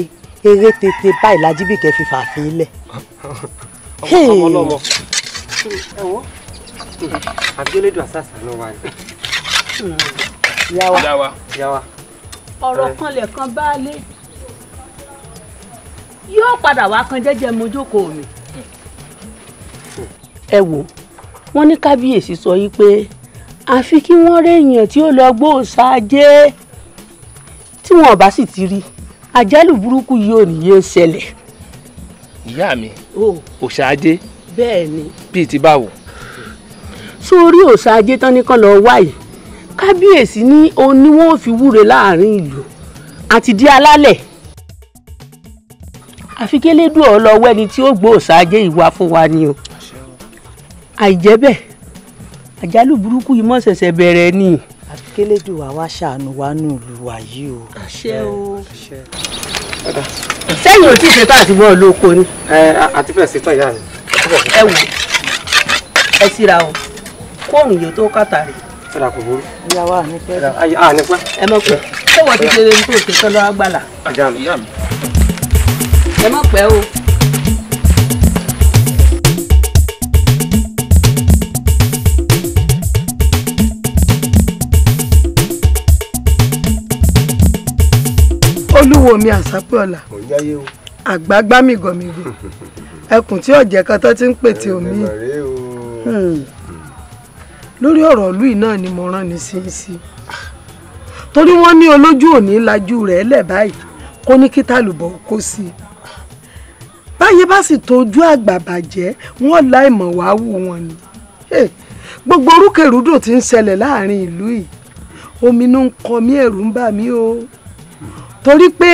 eré tètè báyìí lajíbìkẹ́ fi fàáfin lẹ̀. ọmọ ọlọ́mọ ẹ̀wọ̀n àbíọ́lédùn àṣàṣà ló wà ní. yàwá yàwá. ọ̀rọ̀ kan lẹ̀kan baálé yóò padà wá kan jẹ́jẹ́ mojókòó mi. ẹ wo wọn ní kábíyèsí sọ yìí pé àfi kí wọ́n réèyàn tí ó lọ gbóòsà ajé tí wọn bá sì ti rí àjálù burúkú yìí ò ní yé ṣẹlẹ̀. ìyá mi òòṣà ajé bẹ́ẹ̀ ni bíi ti báwo sórí òòṣà ajé tán ní kán lọ wáyé kábíyèsí ní òun ni wọn ò fi wúre láàrin ìlú àti di alálẹ̀ àfi kélédùn ọ lọ wẹni tí ó gbọ́ òòṣà ajé ìwà fún wa ni o àìjẹ́ bẹ́ẹ̀ àjálù burúkú yìí mọ ṣẹ̀ṣẹ̀ bẹ̀rẹ̀ ni. àfi kélédùn wa wá ṣàánú wa nù lù wá yìí o. àṣẹ o. sẹ́yìn ò tí ì ṣetán àti wọ́n lóko ni. ẹ àti fẹ́ẹ̀ ṣetán ìyá mi. ẹ wò ẹ síra o kóònù yóò tó kàtà rè. ẹ̀rà kò burú. ìyàwó ànípẹ́. ànípẹ́. ẹ mọ̀ pé ṣé wọ́n ti ṣe lè tó òkè tọ́lọ́ àgbàlà. àjà mi ìyá mi. ẹ mọ̀ pẹ́ o. olúwo mi àsápẹ́ọ̀là àgbàgbà mi gọ̀mìgò ẹkùn tí ọ̀jẹ̀ kan ti ń pètè omi lórí ọ̀rọ̀ ìlú yìí náà ni mo rán ni sí sí torí wọ́n ní olójú òní lajú rẹ̀ lẹ̀ báyìí kó ní kí tàlùbọ̀ kó sí i báyìí bá sì tójú àgbà bàjẹ́ wọ́n la ìmọ̀ wá wù wọn ni gbogbo orúkèrúdò tí ń ṣẹlẹ̀ láàrin ìlú yìí ominú ń kọ mí ẹ̀rù ń bà mí o torí pé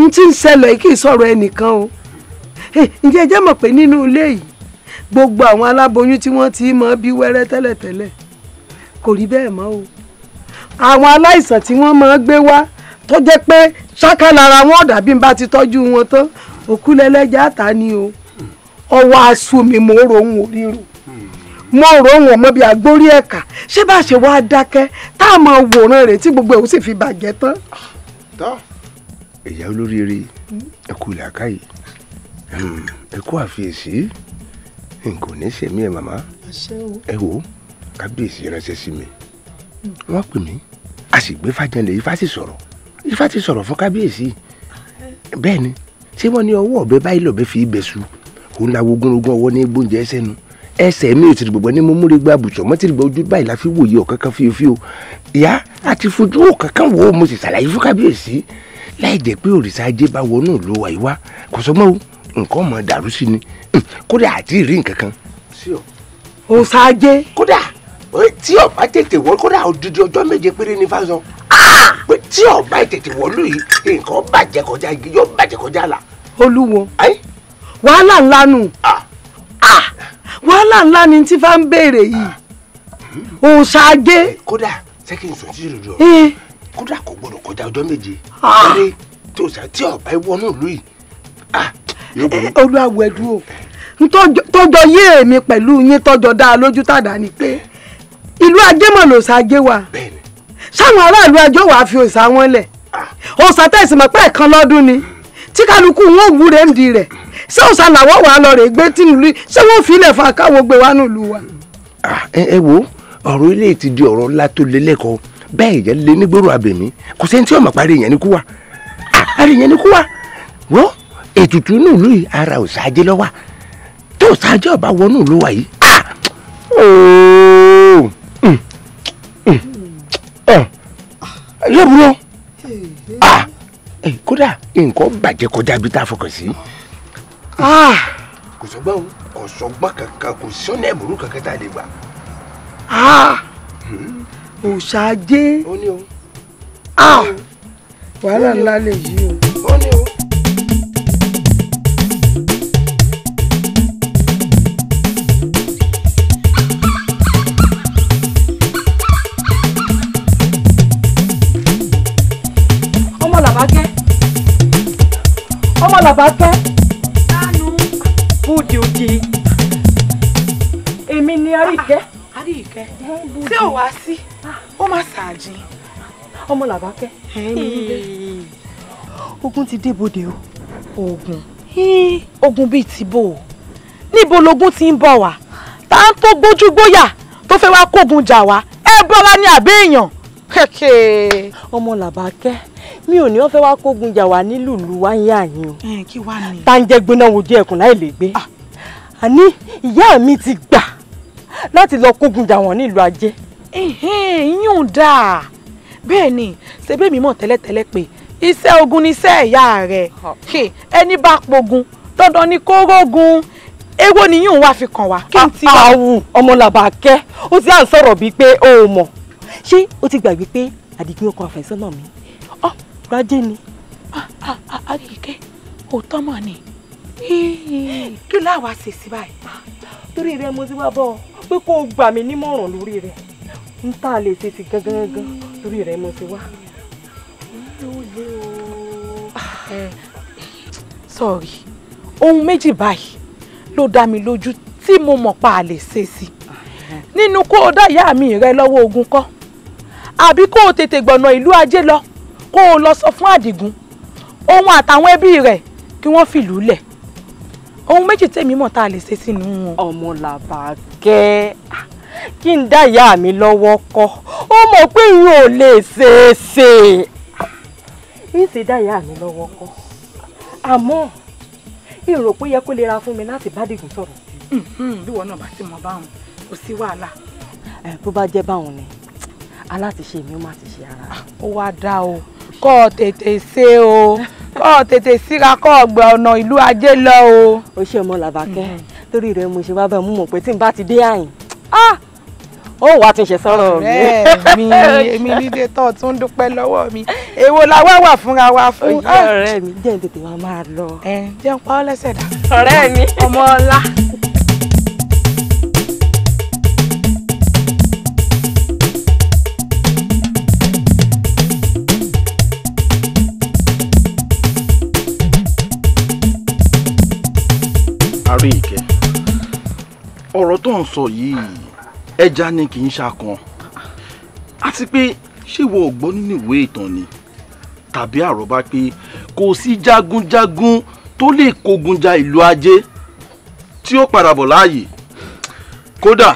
n ti ń ṣẹlẹ̀ kì í sọ̀rọ̀ ẹnìkan o ǹjẹ́ ẹ jẹ́ mọ̀ pé nínú ilé yìí gbogbo àwọn aláboyún tí wọ́n ti mọ bí wẹ́rẹ́ tẹ́lẹ̀tẹ́lẹ̀ kò rí bẹ́ẹ̀ mọ́ o àwọn aláìsàn tí wọ́n máa gbé wá tó jẹ́ pé ṣáká lára wọn ọ̀dà bí n bá ti tọ́jú wọn tán òkú lẹ́lẹ́jà àtà ni o ọwọ́ aṣọ mi mo rò ń oríro mo rò ń wọ̀n mọ́ bí agbórí ẹ̀ka ṣé bá ṣe wá dákẹ́ tá a máa wòran rẹ̀ tí gbogbo ẹ̀ ó sì fi bàjẹ́ tán. ìyá olóríire ẹ kú làákàyè hmm, ẹ kú àfiyèsí nǹkan ò ní ṣèmí ẹ màmá ẹ wò ó kábíyèsí ránṣẹ́ sí mi wọ́n pè mí a sì gbé fàjẹlẹ ifá sì sọ̀rọ̀ ifá ti sọ̀rọ̀ fún kábíyèsí bẹ́ẹ̀ ni ṣé wọ́n ní ọwọ́ ọ̀bẹ báyìí lọ́bẹ fi ibẹ̀ su òun la wogúnrogún ọwọ́ ní gbóúnjẹ ẹsẹ̀ nu ẹsẹ̀ mi ò ti gbogbo ní mo múre gba àbùsọ̀ mo ti gbogbo ojú báyìí la fi wòye ọ̀kan kan fíofío ìyá àti fojú ọ̀kan kan wò ó mo sì ṣàlàyé fún kábíyèsí láì jẹ́ pé òrìṣà ajé bá wọnú ìlú wa ìwá kò sọ́mọ́ o nǹkan ọmọ dàrú sí ni hmm, kódà àti ìrí nǹkan kan. ó ṣáájé. kódà eh, tí ọba tètè wọ kódà odidi ọjọ́ méje péré ní fásán ah! tí ọba tètè wọlú yìí nǹkan bàjẹ́ kọjá yóò bàjẹ́ kọjá là. olúwo eh? wàhálà ńlá nù ah. Ah! wàhálà ńlá ni tí fà ń béèrè yìí ó ṣáájé. Eh, kódà sẹ́kìn sọ sí ìròyìn kódà kò gbọdọ̀ kọjá ọjọ́ méje tí ọba ìwọ́nú ìlú yìí olúwawo ẹdùn o tọjọ yé èmi pẹ̀lú yín tọjọ dá a lójú tàdá ni pé ìlú ajémọ̀ ló ṣàjẹ́ wa sáwọn aráàlú ajọ́ wàá fi òòṣà wọn lẹ̀ ah. òòṣà tẹ̀sí mọ̀ pé ẹ̀kan lọ́dún ni tí kálukú wọn ò wúre ń di rẹ̀ ṣé òòṣà làwọ̀ wàá lọ rè gbé tìǹlù ṣé wọ́n fi ilẹ̀ fa káwọn gbé wa nílùú wa. Ah, ẹ wo ọ̀rọ̀ ilé ti di ọ̀rọ̀ ńlá tó lé lẹ́kọ̀ọ́ bẹ́ẹ̀ yẹn lé nígboro àbẹ̀mí kò sẹ́ni tí ọmọ parí yẹn ni kú wa ah, àrí yẹn ni kú wa wọ́n ètùtù inú ìlú yìí ara ò ṣáájé lọ́wọ́ tó ṣáájé ọba wọnú ìlú wa yìí ah! hmm. hmm. hmm. lẹ́bùrọ̀ ah! eh, kódà nǹkan bàjẹ́ kọjá bí tá a fọkàn sí. Ah! kò sọgbọ́n kò sọgbọ́n kankan kò sọ́nà ẹ̀bùrú kankan tá a lè gbà. òṣàjẹ́ wàhálà ńlá lè yí o. bàbá fẹ́. búdi odi èmi ni aríkẹ́. Ah, aríkẹ́ tí ò wá sí ah. ó má ṣàjìn. ọmọ làbákẹ́. ogun ti débodè o. ogun. ogun bíi ti bò ó níbo logun ti ń bọ̀ wá tá à ń tó gbójú gbóyà tó fẹ́ wá kógun jà wá ẹ bọ́lá ní àbẹ́ èèyàn. ọmọ làbákẹ́ mi ò ní wọn fẹ́ wá kógun jà wá nílùú lu wá ń yá yín o. kí wàá ní. tá ń jẹ́ gbóná wojú ẹ̀kún láì lè gbé. Ah. àní ìyá mi ti gbà láti lọ kógun jà wọ́n nílùú ajé. yíyún dáa bẹ́ẹ̀ ni ṣebí mi mọ̀ tẹ́lẹ̀tẹ́lẹ̀ pé iṣẹ́ ogun ni iṣẹ́ ìyá rẹ̀ ẹni bá pogun dandan ni kó rógun èwo ni yíyún wá fi kàn wá. kí n ti wá. àwù ọmọlàbà kẹ́ ó ti à ń sọ̀rọ̀ bíi pé o ò mọ̀ ṣé o ti gbàgbé pé àdìgún ọkọ àfẹ́sọ́nà mi àtúrájé ni àríkẹ́ òótọ́ mà ni kí láwa ṣe sí báyìí. torí rẹ mo ti wá bọ̀ pé kó o gbà mí nímọ̀ràn lórí rẹ n tá lè ṣe sí gangan gangan torí rẹ mo ti wá. sọ̀rí ohun méjì báyìí ló dá mi lójú tí mo mọ̀ pa a ṣe sí nínú kó o dá ìyá mi rẹ lọ́wọ́ ogun kọ́ àbí kó o tètè gbọ̀nà ìlú ajé lọ kó o lọ sọ fún àdìgún òun àtàwọn ẹbí rẹ̀ kí wọ́n fìlú lẹ̀ ohun méjì tèmi mọ̀ tá a lè ṣe sínú wọn. Ọmọlàbàkẹ́ ah, kí n dá ìyá mi lọ́wọ́ kọ́ ó mọ̀ pé irú ò lè ṣeé ṣe. ìṣe dá ìyá mi lọ́wọ́ kọ́ àmọ́ ìrò pé yẹ kó lè ra fún mi láti bá dìgún sọ̀rọ̀. Hmm, hmm, bí wọn náà bá ti mọ báwọn kò sí wàhálà. bó bá jẹ́ báwọn ni alátiṣe mi ó má ti ṣe ara rẹ̀. ó wá dá o kọ́ ọ tètè ṣe o kọ́ ọ tètè síra kọ́ ọ gbẹ ọ̀nà ìlú ajé lọ o. ó ṣe mọ làbákẹ́ mm-hmm. torí rẹ mo ṣe wá bẹ́ẹ̀ mú mọ̀ pé tí n bá ti dé àyìn ah! ó wàá ti ṣe sọ́rọ̀ mi. ọ̀rẹ́ mi èmi nídé tó tún dúpẹ́ lọ́wọ́ mi èwo la wá wà fúnra wa fún. oye ọ̀rẹ́ mi jẹ́ ń tètè wá máa lọ. ẹ jẹun pa ọ́ lẹ́sẹ̀ dá. ọ̀rẹ́ mi ọmọ ọlá. àárẹ̀ ìkẹ́ ọ̀rọ̀ tó ń sọ yìí ẹja ni kì í ṣàkan àti pé ṣé ìwọ ò gbọ́ nínú ìwé ìtàn ni tàbí àròbá pé kò sí jagunjagun tó lè kógun ja ìlú ajé tí ó padà bọ̀ láàyè kódà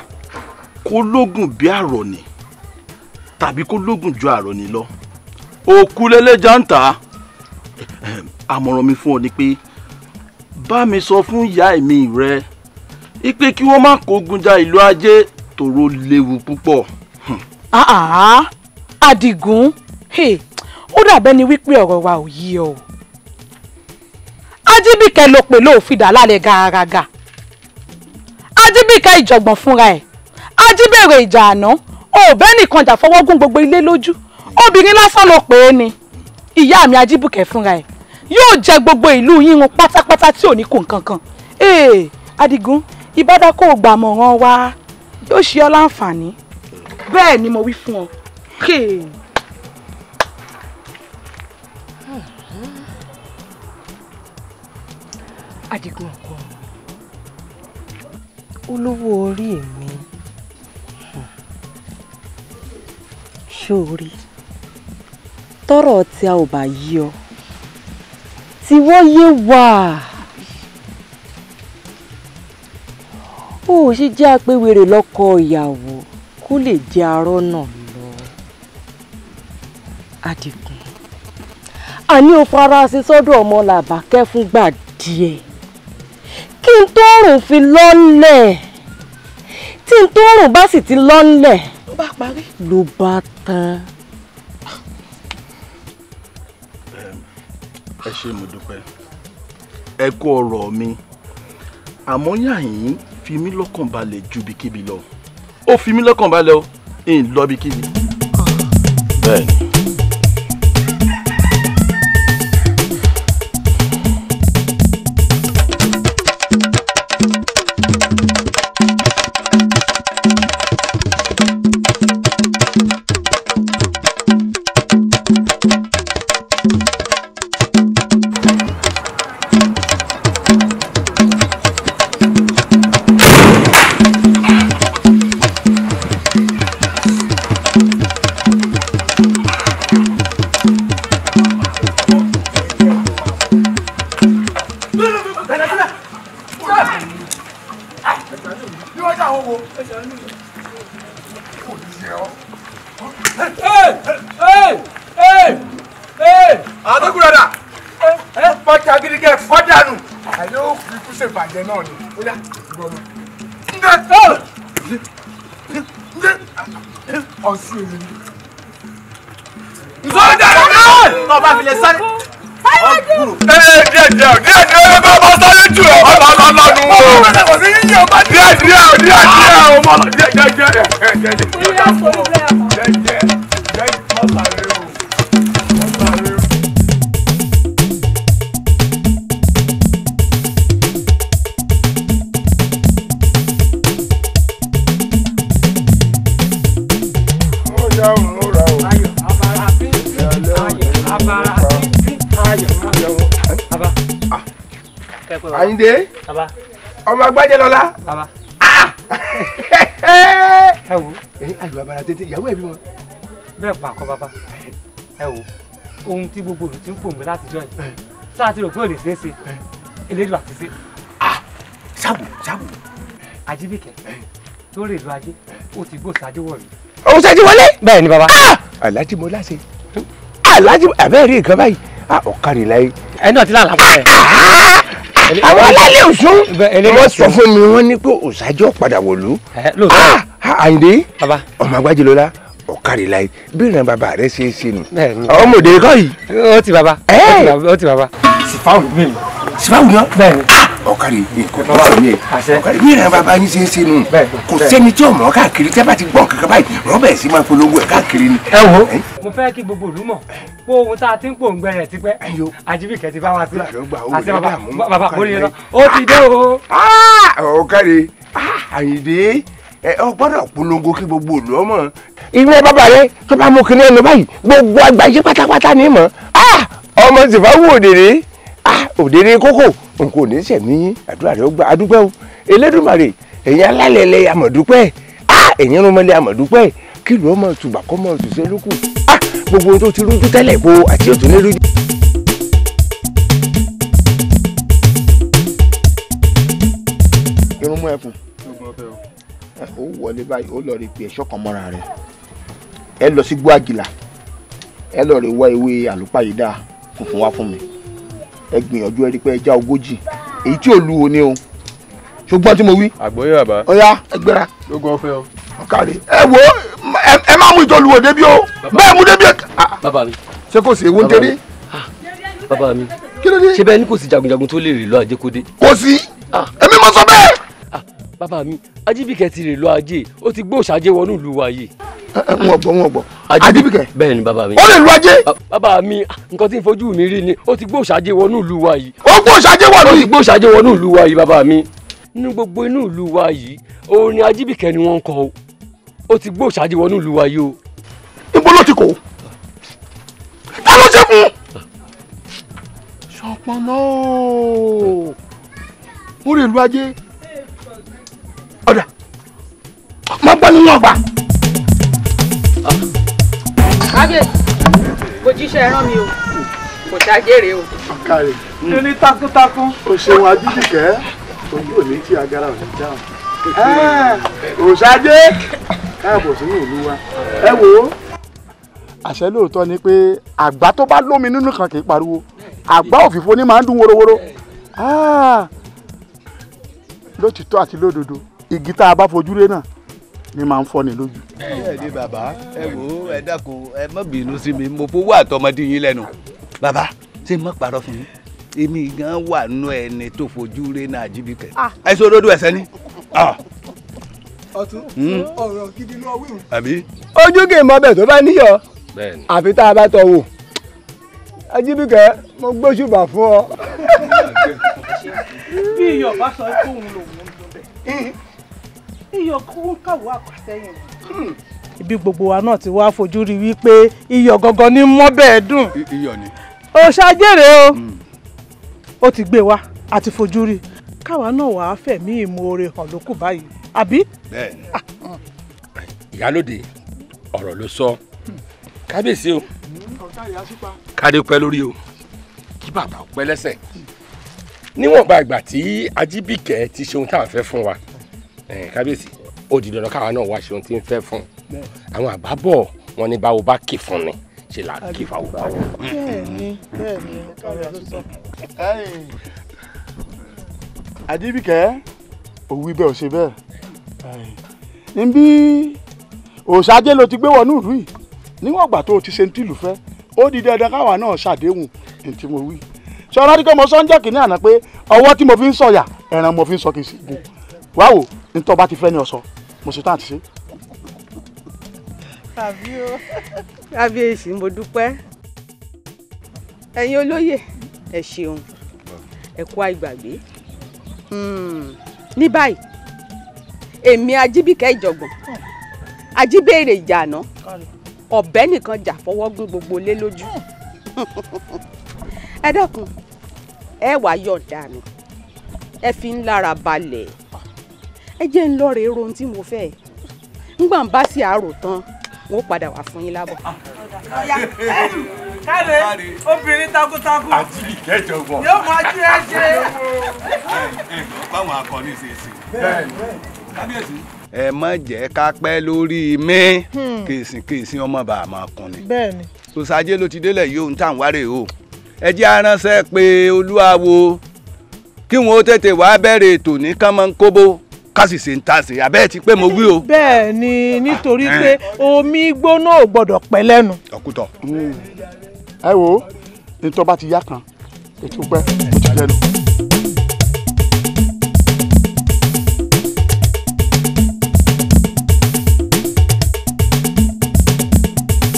kó lógun bí àrọ̀ ni tàbí kó lógun ju àrọ̀ ni lọ òkú lẹ́lẹ́jà ń tà àmọ̀ràn mi fún ọ ni pé bá mi sọ fún ìyá èmi rẹ ipe kí wọ́n má kógun ja ìlú ajé tòró léwu púpọ̀. Àdìgún ó dàbẹ́ ni wípé ọ̀rọ̀ wa ò yí ọ. Ajíbíkẹ́ ló pè lóò lálẹ́ gàràgà Ajíbíkẹ́ ìjọ̀gbọ̀n fúnra ẹ̀ Ajíbèrè ìjà àná òbẹ́ nìkan jà fọwọ́ gún gbogbo ilé lójú obìnrin lásán ló pè é ni ìyá mi Ajíbùkẹ́ fúnra ẹ̀ yóò jẹ gbogbo ìlú yín wọn pátápátá tí ò ní kó nǹkan kan ee Adigun ìbádá kò gbàmọ̀ràn wa yóò ṣe ọ́ láǹfààní bẹ́ẹ̀ ni mo wí fún ọ. Adigun ọkọ olówó orí èmi ṣó rí tọrọ tí a ò bá yí ọ tí wọ́n yé wà ó ṣe jẹ́ apéwèrè lọ́kọ ìyàwó kó lè jẹ́ arọ́ náà lọ Àdìgún àní o farasin sọ́dọ̀ ọmọ làbákẹ́ fúngbà díẹ̀ kí n tó rùn fi lọ́lẹ̀ tí n tó rùn bá sì ti lọ́lẹ̀ ló bá tán. ẹ ṣé mo dúpẹ́ ẹ kú ọ̀rọ̀ mi àmọ́ yàyín fi mí lọ́kàn balẹ̀ ju bikíbi lọ ó fi mí lọ́kàn balẹ̀ ó ń lọ bikíbi. bẹ́ẹ̀ni náà ni ó yá gbọmọ. ọ̀sùn èmi ni. nsọ́jà rẹ̀ náà. ọba filẹ̀ sáré. Ee díẹ̀ díẹ̀ díẹ̀ díẹ̀ bá bá sáré jù ọ́ bá bá lọ́nu. Díẹ̀ díẹ̀ díẹ̀ díẹ̀ ọmọ díẹ̀ díẹ̀ díẹ̀ díẹ̀. ọlọ́run múra o. ayọ̀ abara bíntín ayọ̀ abara bíntín ayọ̀ ayọ̀. Àyìndé ọmọ agbájẹ lọ́la. Ah! ẹ wo ẹyin ayọ̀ abara tètè ìyàwó ẹ̀ bí wọn. bẹ́ẹ̀ pa àkọ́ bàbá ẹ wo ohun tí gbogbo olùtí ń pò mí láti jọ yìí sáà ti rò pé ò lè ṣeé ṣe eléyìí àti ṣe. Ah! ṣàbù ṣàbù. Àjíbíkẹ́ tó rè lu ajé ó ti gbó ṣáájú wọ̀nyí òun ṣe ti wọlé. bẹ́ẹ̀ ni baba. Ah! alájí mo láṣẹ alájí àbẹ́ rí nǹkan báyìí ọ̀kadì láyé. ẹni náà ti láàlá fún ẹ. àwọn alálẹ̀ òṣù wọ́n sọ fún mi wọ́n ní pé òṣàjọ́ padà wọ̀lú. Eh, ah! Ah, àyìndé ọmọ agbájúlọ́lá ọ̀kadì láyé bí ìran bàbá rẹ ṣe é ṣe nù. ọmọdé kọ́ yìí. ó ti baba eh! ó ti baba. sìfáwù mi sìfáwù náà bẹ́ẹ̀ ni ọ̀kàrí ọ̀kàrí bí ìran bàbá yín ṣe ń ṣe nù kò sẹ́ni tí ọmọ káàkiri tẹ́ bá ti gbọ́ kankan báyìí rọ́bẹ̀ sí máa polongo ẹ̀ káàkiri ni. ẹ wo mo fẹ́ kí gbogbo ìlú mọ̀ pé ohun tá a ti ń pòǹgbẹ rẹ̀ tipẹ́ àjíbìkẹ́ ti bá wa sí àti bàbá kò ní lọ ó ti dé o. Ah, ọ̀kàrí ah, àyìndé ẹ ọ gbọ́dọ̀ polongo kí gbogbo ìlú ọmọ. ìwé bàbá rẹ tó bá mú kinní ẹnu báyìí gbogbo àgbáyé pátápátá ní mọ ah, ọmọ sì fà wù òdèrè òdèrè kókò nǹkan ò ní sẹ̀mí yín àdúrà rẹ̀ ó gbà adúpẹ́ o Elédùmarè ẹ̀yin alálẹ̀ ẹlẹ́ àmọ̀dúpẹ́ ẹ̀yin ọmọlẹ́ àmọ̀dúpẹ́ kí ló ọmọ tùbà kọ́ ọmọ tùsẹ́ lókù gbogbo ohun tó ti rújú tẹ́lẹ̀ kó àti òtún ní rújú. irun mú ẹkùn ó wọlé báyìí ó lọ rí pé ẹ̀ṣọ́ kan mọ́ra rẹ̀ ẹ lọ sí gbọ́ àgìlà ẹ lọ rí wá ewé àlùpàyídà funfun wá fún mi ẹ gbìyànjú ẹ rí pé ẹ já ogójì èyí tí ò lu o o ṣùgbọ́n tí mo wí. àgbọ̀yé bàbá. ọ̀ya ẹ gbéra. ọ̀fẹ́ o. ọ̀kàrí ẹ wo ẹ má mú ìtọ́lu wò débi o bẹ́ẹ̀ mú débi. Ah. bàbá mi. ṣé kò sí ewu ń tẹ́lẹ̀. Ah. bàbá mi kí ló dé. ṣé bẹ́ẹ̀ ni kò sí jagunjagun tó lè rè lọ ajé kó dé. kò sí ah. èmi mo sọ bẹ́ẹ̀. bàbá mi ajíbìkẹ́ ti rè lọ ajé ó ti gbé wọnú ìlú wa yìí wọn gbọ́ wọn gbọ́ Ajibike bẹ́ẹ̀ ni baba mi ó lè lu ajé. bàbá mi nǹkan tí n fojú mi rí ni ó ti gbó òṣàjé wọnú ìlú wa yìí. ó gbó òṣàjé wọnú yìí. ó ti gbó òṣàjé wọnú ìlú wa yìí bàbá mi nínú gbogbo inú ìlú wa yìí orin Ajibike ni wọ́n ń kọ o ó ti gbó òṣàjé wọnú ìlú wa yìí o. ibo ló ti kò ta ló ṣe fún. ṣọpọnà ó lè lu ajé ọ̀dà máa gbọ́ nínú ọgbà kábíyèsí mo jíṣẹ́ ẹran mi o kò ṣàjèrè o. káre ní ní takuntakun. o ṣeun ajíjìkẹ́ ojú ò ní tí agara ò ní dáhùn. òṣàjẹ́ káàbọ̀ sínú ìlú wa ẹ wò ó. àṣẹ lóòótọ́ ni pé àgbá tó bá lómi nínú kan kì í pariwo àgbá òfìfo ni máa ń dún worowóró lótìtọ́ àti lódodo igi tá a bá fojú ré náà ní máa ń fọ́ ni lójú. ẹ ní bàbá ẹ wò ó ẹ dákun ẹ má bínú sí mi mo fowó àtọmọdé yín lẹ́nu bàbá ṣé mo parọ́ fún yín èmi gan wà nù ẹni tó fojú rẹ náà jíbi kẹ ah. ẹ sọ òdodo ẹsẹ ni. Ah. ọtún hmm. ọ̀rọ̀ gidi ló wíwù. àbí. ojú kì í mọ bẹ́ẹ̀ tó bá níyọ àfi tá a bá tọ wò ajíbíkẹ́ mo gbóṣùbà fún ọ. bí iyọ̀ bá sọ pé òun lòun ń dún bẹ́ẹ̀ iyọ̀ kún káwọ́ àkọsẹ́yìn. Hmm. ibi gbogbo wa náà ti wá fojú rí wípé iyọ̀ gangan ní mọ́ bẹ́ẹ̀ dùn. ni. o ṣàjèrè o ó hmm. ti gbé wa àti fojú rí káwa náà wàá fẹ̀mí ìmoore hàn lókù báyìí àbí. bẹ́ẹ̀ni ah. ìyálòde ọ̀rọ̀ ló sọ hmm. kábíyèsí o kárí pẹ́ lórí o kí bàbá pẹ́ lẹ́sẹ̀ níwọ̀nba ìgbà tí ajíbìkẹ́ ti ṣe ohun tá à fẹ́ fún wa. Mm. Eh, kábíyèsí ó di dandan káwa náà wá ṣe ohun tí ń fẹ́ fún àwọn àbábọ̀ wọn ní báwo bá kì fún ni ṣe là kì fáwọn báwo. bẹ́ẹ̀ni bẹ́ẹ̀ni àdìbìkẹ́ òwú ibẹ̀ ò ṣe bẹ́ẹ̀ nbí òṣàjẹ́ ló ti gbé wọnú ìlú yìí níwọ̀n ìgbà tó o ti ṣe ní tìlú fẹ́ ó di dandan káwa náà ṣàdéhùn ní tí mo wí sọ ọ́nà dípẹ́ mo sọ ń jẹ́ kínní àná pé ọwọ́ tí mo fi ń sọ̀yà ẹran mo fi ń sọ kì í sí gùn wá nítorí ọba ti fẹ́ ni ọ̀sọ́ mo ṣetán àti ṣe. tàbí o kábíyèsí mo dúpẹ́ ẹ̀yin olóyè ẹ ṣeun ẹ kú àìgbàgbé hmm, ní báyìí èmi ajíbíkẹ́ ìjọ̀gbọ̀n ajíbèrè ìjànà ọ̀bẹ nìkan jà fọwọ́ gún gbogbo lé lójú ẹ dákun ẹ wàá yọ̀ǹda mi ẹ fi ń lára balẹ̀ ẹ jẹ́ ń lọ́ọ̀rẹ́ èrò ohun tí mo fẹ́ ńgbà ń bá sí àárò tán wọn ó padà wá fún yín lábọ̀. Ah, káre obìnrin takuntakun àjílì kẹjọ bọ yóò máa jí ẹ ṣe. báwọn akọni ṣe ṣe kábíyèsí. ẹ má jẹ́ ká pẹ́ lórí mi hmm. kìsìnkìsìn ọmọ bàá máa kun ni. bẹ́ẹ̀ni. sòsájé ló ti délẹ̀ yóò ń tà ń wárè o ẹ jẹ́ aránṣẹ́ pé olúwa wo kí wọ́n ó tètè wá bẹ̀rẹ̀ ètò ní kánmọ́ńkóbó ká sì ṣe ń ta ṣe àbẹ́ ti pé mo wí o. bẹ́ẹ̀ ni nítorí pé omi gbóná ò gbọ́dọ̀ pẹ́ lẹ́nu. ọ̀kútọ̀. ẹ wo nítorí bá ti yá kan ètò pẹ́ ó ti lẹ́nu.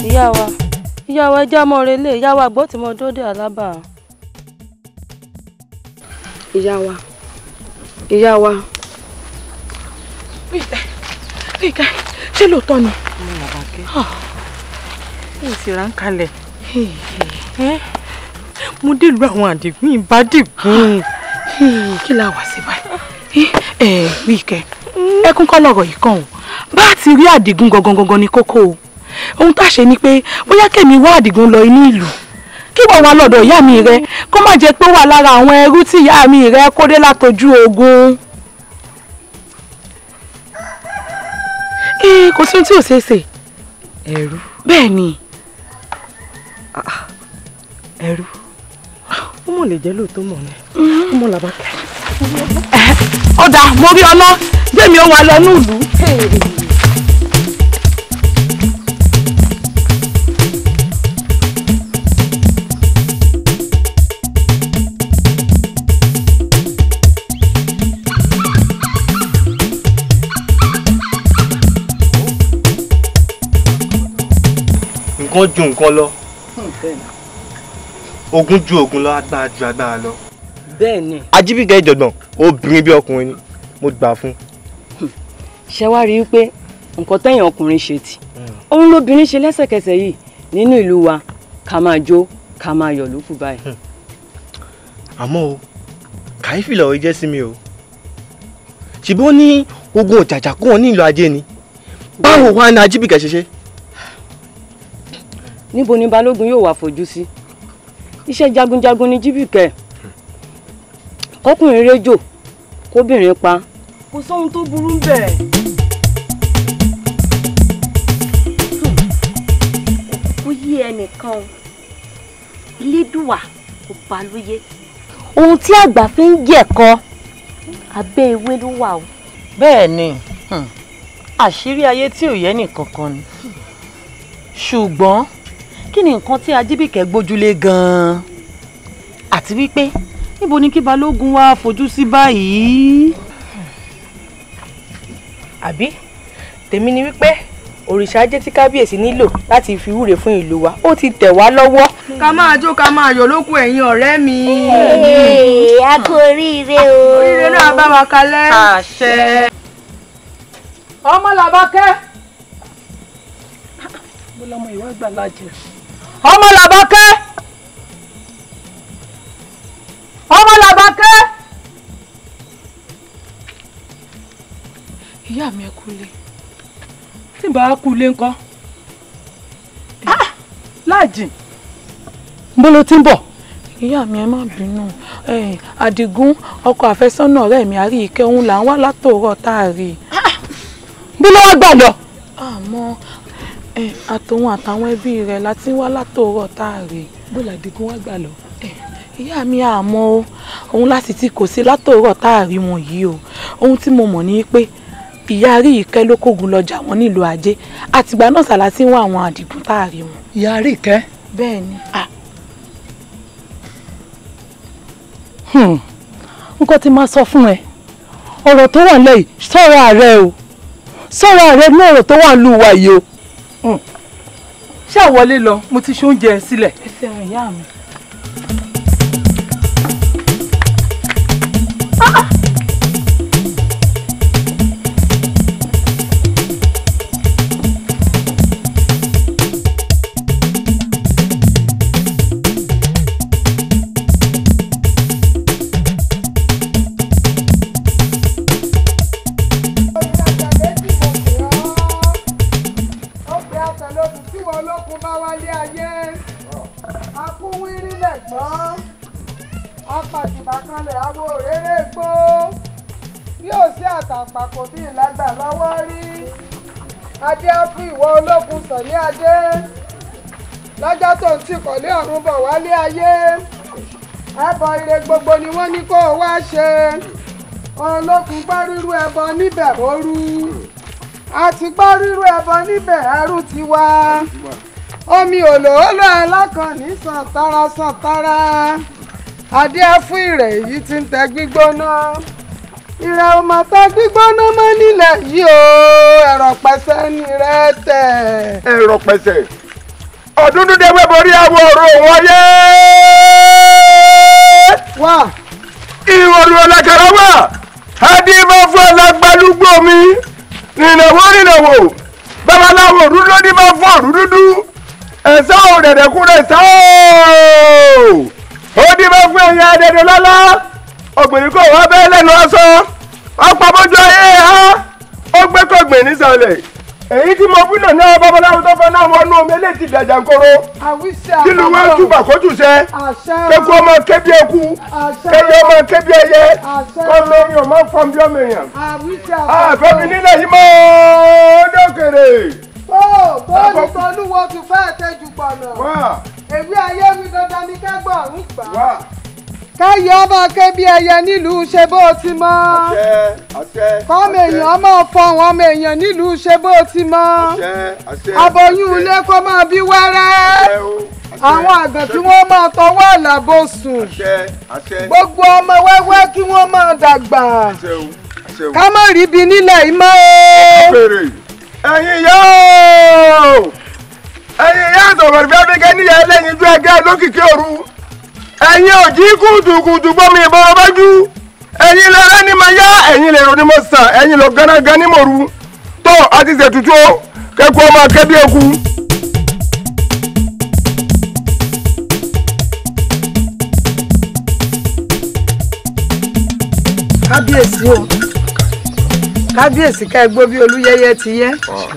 ìyá wa ìyá wa ẹjẹ́ àmọ́ rẹ lé ìyá wa gbọ́ tí mo dóde àlábà. ìyá wa ìyá wa kíkà ṣé lóòótọ́ ni. mo mọ̀ bá ké mo sì rà ń kalẹ̀ mo dèlú àwọn àdìgún ìbádìgún. kí la wà sí báyìí ẹ wíkẹ́ ẹkún kọ́ lọ́rọ̀ yìí kàn ó bá a ti rí àdìgún gangan gangan ní kókó o ohun tá a ṣe ni pé bóyá kẹ́mi wá àdìgún lọ inú ìlú kí wọ́n wá lọ́dọ̀ ìyá mi rẹ kó má jẹ́ pé ó wà lára àwọn ẹrú tí ìyá mi rẹ kó dé látojú ogun. ee kò sí ohun tí ò ṣeé ṣe. ẹ̀rú. bẹ́ẹ̀ ni. Ah, ẹ̀rú ó mọ̀ lè jẹ́ lóòótọ́ mọ̀ ni ó mm-hmm. mọ̀ làbákẹ́. ọ̀dà mo rí ọlọ́ jẹ́mi ó wà lọ ní ọgbọ́n ju nǹkan lọ hmm, ogun ju ogun lọ agbára ju agbára lọ. bẹ́ẹ̀ni. ajíbíkẹ́ ìjọ̀gbọ̀n obìnrin bí ọkùnrin ni mo gbà fún. Hmm. ṣé wàá rí i pé nǹkan tẹ̀yìn ọkùnrin ṣe tì hmm. òun lóbìnrin ṣe lẹ́sẹ̀kẹsẹ̀ yìí nínú ìlú wa ká máa jó ká máa yọ̀ lókù báyìí. àmọ́ o kàyéfì lọ́rọ̀ jẹ́ sí mi o ṣùgbọ́n ní ogun òjàjà kó wọn ní ìlú ajé ni báwo wá ní ajíbíkẹ́ ṣe níbo ni balógun yóò wà fojú sí iṣẹ́ jagunjagun ni jíbìkẹ́ kọkùnrin réjò kóbìnrin pa kò sóhun tó burú bẹ́ẹ̀. kò yí ẹnìkan ilédùwà kò bá lóye ohun tí àgbà fi ń yẹ̀kọ abẹ́ ewé ló wà o. bẹ́ẹ̀ ni hmm, àṣírí ayé tí ò yẹ nìkankan ni ṣùgbọ́n. Hmm kí ni nǹkan tí Ajíbíkẹ́ gbójúlé gan-an àti wípé níbo ni kí Balógun wá fojú sí báyìí. àbí tèmi ni wípé òrìṣà jẹ́ tí kábíyèsí nílò láti fi wúre fún ìlú wa ó ti tẹ̀ wá lọ́wọ́. ká máa jó ká máa yọ̀ lókun ẹ̀yin ọ̀rẹ́ mi. a kò oríire o. oríire náà bá wa kalẹ̀. àṣẹ. ọmọ làbákẹ́. mo lọmọ ìwà ìgbàlá ọmọ làbákẹ́ ọmọ làbákẹ́. ìyá mi ẹ kúlé tí n bá kúlé ńkọ́ ah, láàjìn bó ló ti ń bọ̀. ìyá mi ẹ má bínú àdìgún ọkọ àfẹ́sọ́nà ọ̀rẹ́ mi àrí ìkẹ́ là ń wá látòórọ̀ tá a rí i. Ah, bí ló wá gbàdọ̀. lọ. àmọ́ ẹ àtòun àtàwọn ẹbí rẹ̀ láti wá látòrọ̀ tá a rè bóòlù àdìgún wá gbà lọ. ìyá mi àmọ́ o òun láti ti kò sí látòrọ̀ tá a rí wọn yìí o ohun tí mo mọ̀ ni pé ìyá rí ìkẹ́ ló kógun lọ́jà wọn nílùú ajé àtìgbà náà sàlásí wọn àwọn àdìgún tá a rí wọn. ìyá rí ìkẹ́. bẹ́ẹ̀ ni. Hmm. nǹkan tí máa sọ fún ẹ ọ̀rọ̀ tó wà lẹ́yìn sọ́ra rẹ o sọ́ra rẹ ní ọ̀rọ̀ tó wà lù wá o ṣáà wọlé lọ mo ti ṣe oúnjẹ sílẹ̀. ẹ fẹ́ràn ìyá mi. kọ̀lé ọ̀run bọ̀ wálé ayé ẹbọ ire gbogbo ni wọ́n ní kó o wá ṣe olókun gbọ́ rírú ẹbọ níbẹ̀ ooru àti gbọ́ rírú ẹbọ níbẹ̀ ẹrú ti wá omi òlòólò alákànní sàntara sàntara adé fún ìrè yìí ti ń tẹ gbígbóná ìrẹ̀ ò mà ta gbígbóná mọ́ nílẹ̀ yìí o ẹ̀rọ̀ pẹ̀sẹ̀ ni rẹ tẹ̀. ẹ̀rọ̀ pẹ̀sẹ̀ ọ̀dún de ewé borí àwọ̀ ọ̀rọ̀ wọn yé. wá. ìwòrò ọ̀làkàrà wà adìmọ̀ fún alágbálúgbò mi nìnàwó nìnàwó babaláwo òdúdú ní máa fún òdúdú ẹ̀sán òdẹ̀dẹ̀kúrẹ̀ ẹ̀sán ooo ó ní máa fún ẹ̀yà dẹ̀dẹ̀ lọ́lá ọ̀gbìnrin kò wá bẹ́ẹ̀ lẹ́nu ọ̀sán ọ̀pọ̀ bójú ayé ha ó gbé kọ̀gbìn nísàlẹ̀ èyí tí mo wílò náà babaláwo tó fẹ́ náà wọ́n nú omi eléyìí ti dàjà nkoro kí ló wá túbà kójú sẹ́ kéku ọmọ kébí eku kébi ọmọ kébí ẹyẹ kọ́mi omi ọmọ fọ́n bí ọmọ èèyàn àfẹ́mi nílẹ̀ yìí mọ́ dókèrè. bóòlù tọ́lú wo tún fẹ́ẹ́ tẹ́jú gbọ̀nà èmi ayé mi dandan ni kẹ́gbọ̀n ń gbà káyọ̀ ọmọ ké bí ẹyẹ nílùú ṣe bó ti mọ́. kọ́mọ èèyàn máa fọ àwọn ọmọ èèyàn nílùú ṣe bó ti mọ́. aboyún ilé kó máa bí wẹ́rẹ́. àwọn àgbẹ̀ tí wọ́n máa tọwọ́ àlàbò sùn. gbogbo ọmọ wẹ́wẹ́ kí wọ́n máa dàgbà. ká má rí ibi nílẹ̀ yìí mọ́ o. ẹ̀yin yóò ẹ̀yin yóò sọ̀rọ̀ ìfẹ́ mi kẹ́ níyẹn lẹ́yìn ju ẹgbẹ́ lókìkí òru. ẹ̀yin òjì kùtùkùtù mi ìbọn ọbájú ẹ̀yin lẹ́rẹ́ ni mo yá ẹ̀yin lèrò ni mo sàn ẹ̀yin lọ gánagán ni mo ru tó a ti ṣètùtù ó kẹ́kọ̀ọ́ máa kẹ́ bí eku. kábíyèsí o kábíyèsí ká ẹ bí olúyẹyẹ ti yẹ ah.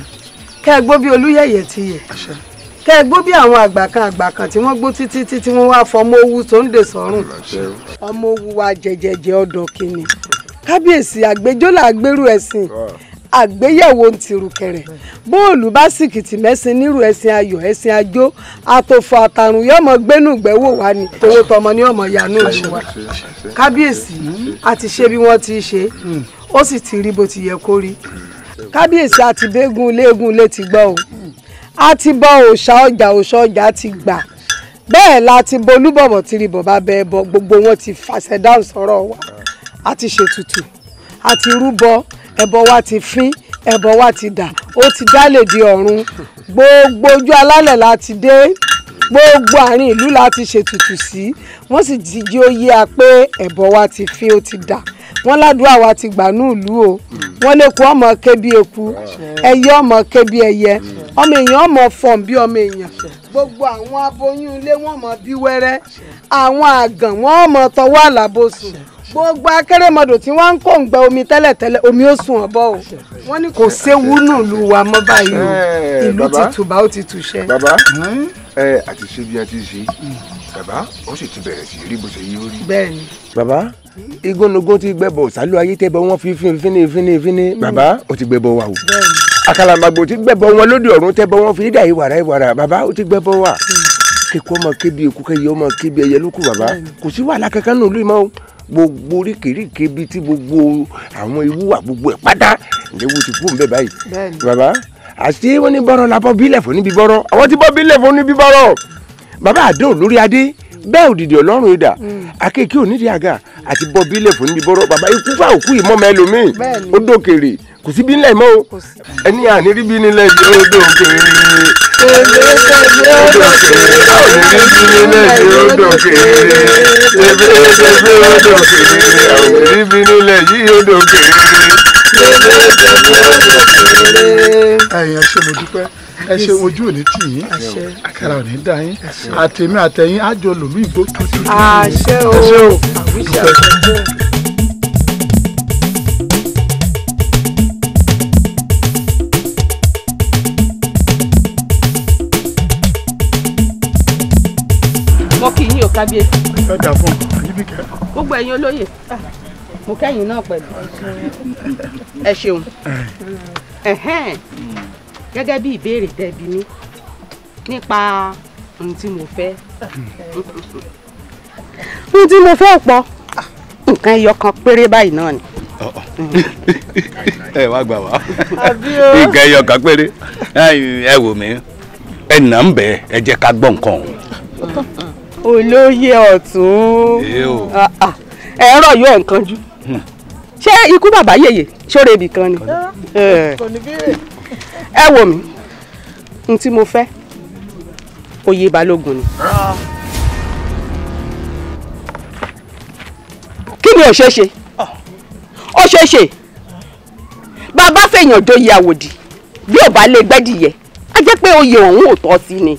ká ẹ ti yẹ. kẹ́ ẹ gbọ́ bí àwọn àgbà kan àgbà kan tí wọ́n gbó títí títí wọ́n wá fọmọ owú tó ń dè sọ́rùn ọmọ owú wa jẹjẹjẹ ọ̀dọ̀ kìíní kábíyèsí àgbẹjọ́lá àgbẹrù ẹ̀sìn àgbéyẹ̀wò ntìrùkẹ̀rẹ̀ bóòlù bá sìkìtì mẹ́sìn nírú ẹ̀sìn ayọ̀ ẹ̀sìn ajó àtòfò àtàrùn yọmọ gbénùgbẹ́wò wa ni towó tọmọ ní ọmọ yanu ìlú wa kábíyèsí àti ṣe bí wọ́n ti ṣe ó sì ti rí bó ti yẹ kó rí kábíyèsí àti bẹ́ẹ̀gùn léegun létí gbọ́ o a ti bọ òòṣà ọjà òòṣà ọjà ti gbà bẹ́ẹ̀ la ti bolúbọ̀bọ̀ tí rí bọ̀bá bẹ́ẹ̀ bọ gbogbo wọn ti fàṣẹ dáhùn sọ̀rọ̀ wa a ti ṣètùtù a ti rúbọ ẹbọ wa ti fín ẹbọ wa ti dà ó ti dálè di ọ̀run gbogbo ojú alálẹ̀ la ti dé gbogbo àárín ìlú la ti ṣètùtù sí wọ́n sì ti jí ó yé a pé ẹbọ wa ti fín ó ti dà wọ́n ládùúrà wa ti gbà ní ìlú o wọ́n lè kú ọmọ kébi eku ẹyẹ ọmọ kébi ẹyẹ ọmọ èèyàn ọmọ fọ̀n bí ọmọ èèyàn gbogbo àwọn aboyún ilé wọn mọ bí wẹ́rẹ́ àwọn àgàn wọn mọ tọwọ́ àlàbòsùn gbogbo akérèmọdò tí wọ́n ń kó ń gbẹ omi tẹ́lẹ̀tẹ́lẹ̀ omi ó sùn ọ̀bọ o wọ́n ní kò séwu nù lù wá báyìí o ìlú ti tùbà ó ti tùṣẹ́. bàbá hmm? ẹ àti ṣe bí a ti ṣe bàbá ó sì ti bẹ̀rẹ̀ sí rí bó ṣe yí ó rí. bẹ́ẹ̀ni. bàbá igúnnugún ti gbẹbọ sálú ayé tẹbọ wọn fi fínní fínní fínní bàbá ó ti gbẹbọ wa o. bẹ́ẹ̀ni. àkàlàmàgbò ti gbẹbọ wọn lóde ọ̀run tẹbọ wọn fi dà ìwàrà ìwàrà bàbá ó ti gbẹbọ wa. kíkọ́ ọmọ kébi èkú kẹyẹ ọmọ kébi ẹyẹ lókù bàbá kò sí wàhálà kankan nù lóyún mọ́ o gbogbo oríkèéríkèé bíi ti gbogbo àwọn ewu wà gbogbo ẹ̀ pátá ǹjẹ́ wo ti kú òun bẹ́ẹ̀ báyìí. bẹ́ẹ̀ni bàbá àti wọn ní bọ́rọ̀ la bọ́ bílẹ̀ fún níbi bọ́rọ̀ àwọn ti bọ́ bílẹ̀ fún níbi bọ́rọ̀ bàbá àdó lórí adé bẹ́ẹ̀ òdìdí ọlọ́run ìdà mm. akéèké onídìí àga àti bọ́ bílẹ̀ fún níbi bọ́rọ̀ bàbá ikú fà òkú ìmọ̀mọ́ ẹlòmíì ó dòkèrè kò sí bí nílẹ̀ mọ́ o ẹni àní rí bí nílẹ̀ yìí ó dòkèrè ó dòkèrè àní rí bí nílẹ̀ yìí ó dòkèrè tẹ̀fẹ́ tẹ̀fẹ́ ó dòkèrè ẹ̀yin ẹ ṣé mo dúpẹ́ ẹ ṣé ojú ò ní tì yín àkàrà ò ní dà yín àtẹ̀mí àtẹ̀yìn àjọ lòlú ìgbó. àṣẹ o àwíṣẹ àṣẹ. mo kì í yín o kábíyèsí. ẹ dà fún un àyíbíkẹ́. gbogbo ẹ̀yin olóyè mo kẹ́yìn náà pẹ̀lú ẹ ṣeun gẹ́gẹ́ bí ìbéèrè tẹ̀bi mi nípa ohun tí mo fẹ́ ohun tí mo fẹ́ pọ̀ nǹkan ẹyọ kan péré báyìí náà ni. ẹ wá gbà wá nǹkan ẹyọ kan péré ẹ wò mí ẹ nà ń bẹ ẹ jẹ́ ká gbọ́ nǹkan ọ̀hún. olóyè ọ̀tún ẹ̀rọ ah, ah. yóò ẹ̀ ń kanjú ṣé ikú bàbá yèyè ṣóre ibì kan ni ẹ wò mí n tí mo fẹ́ oyè balógun ni. kí ni ó ṣeé ṣe ah. ó ṣeé ṣe bàbá fèèyàn joyè àwòdì bí ò bá lè gbẹ́dìyẹ a jẹ́ pé oyè ọ̀hún ò tọ́ sí ni.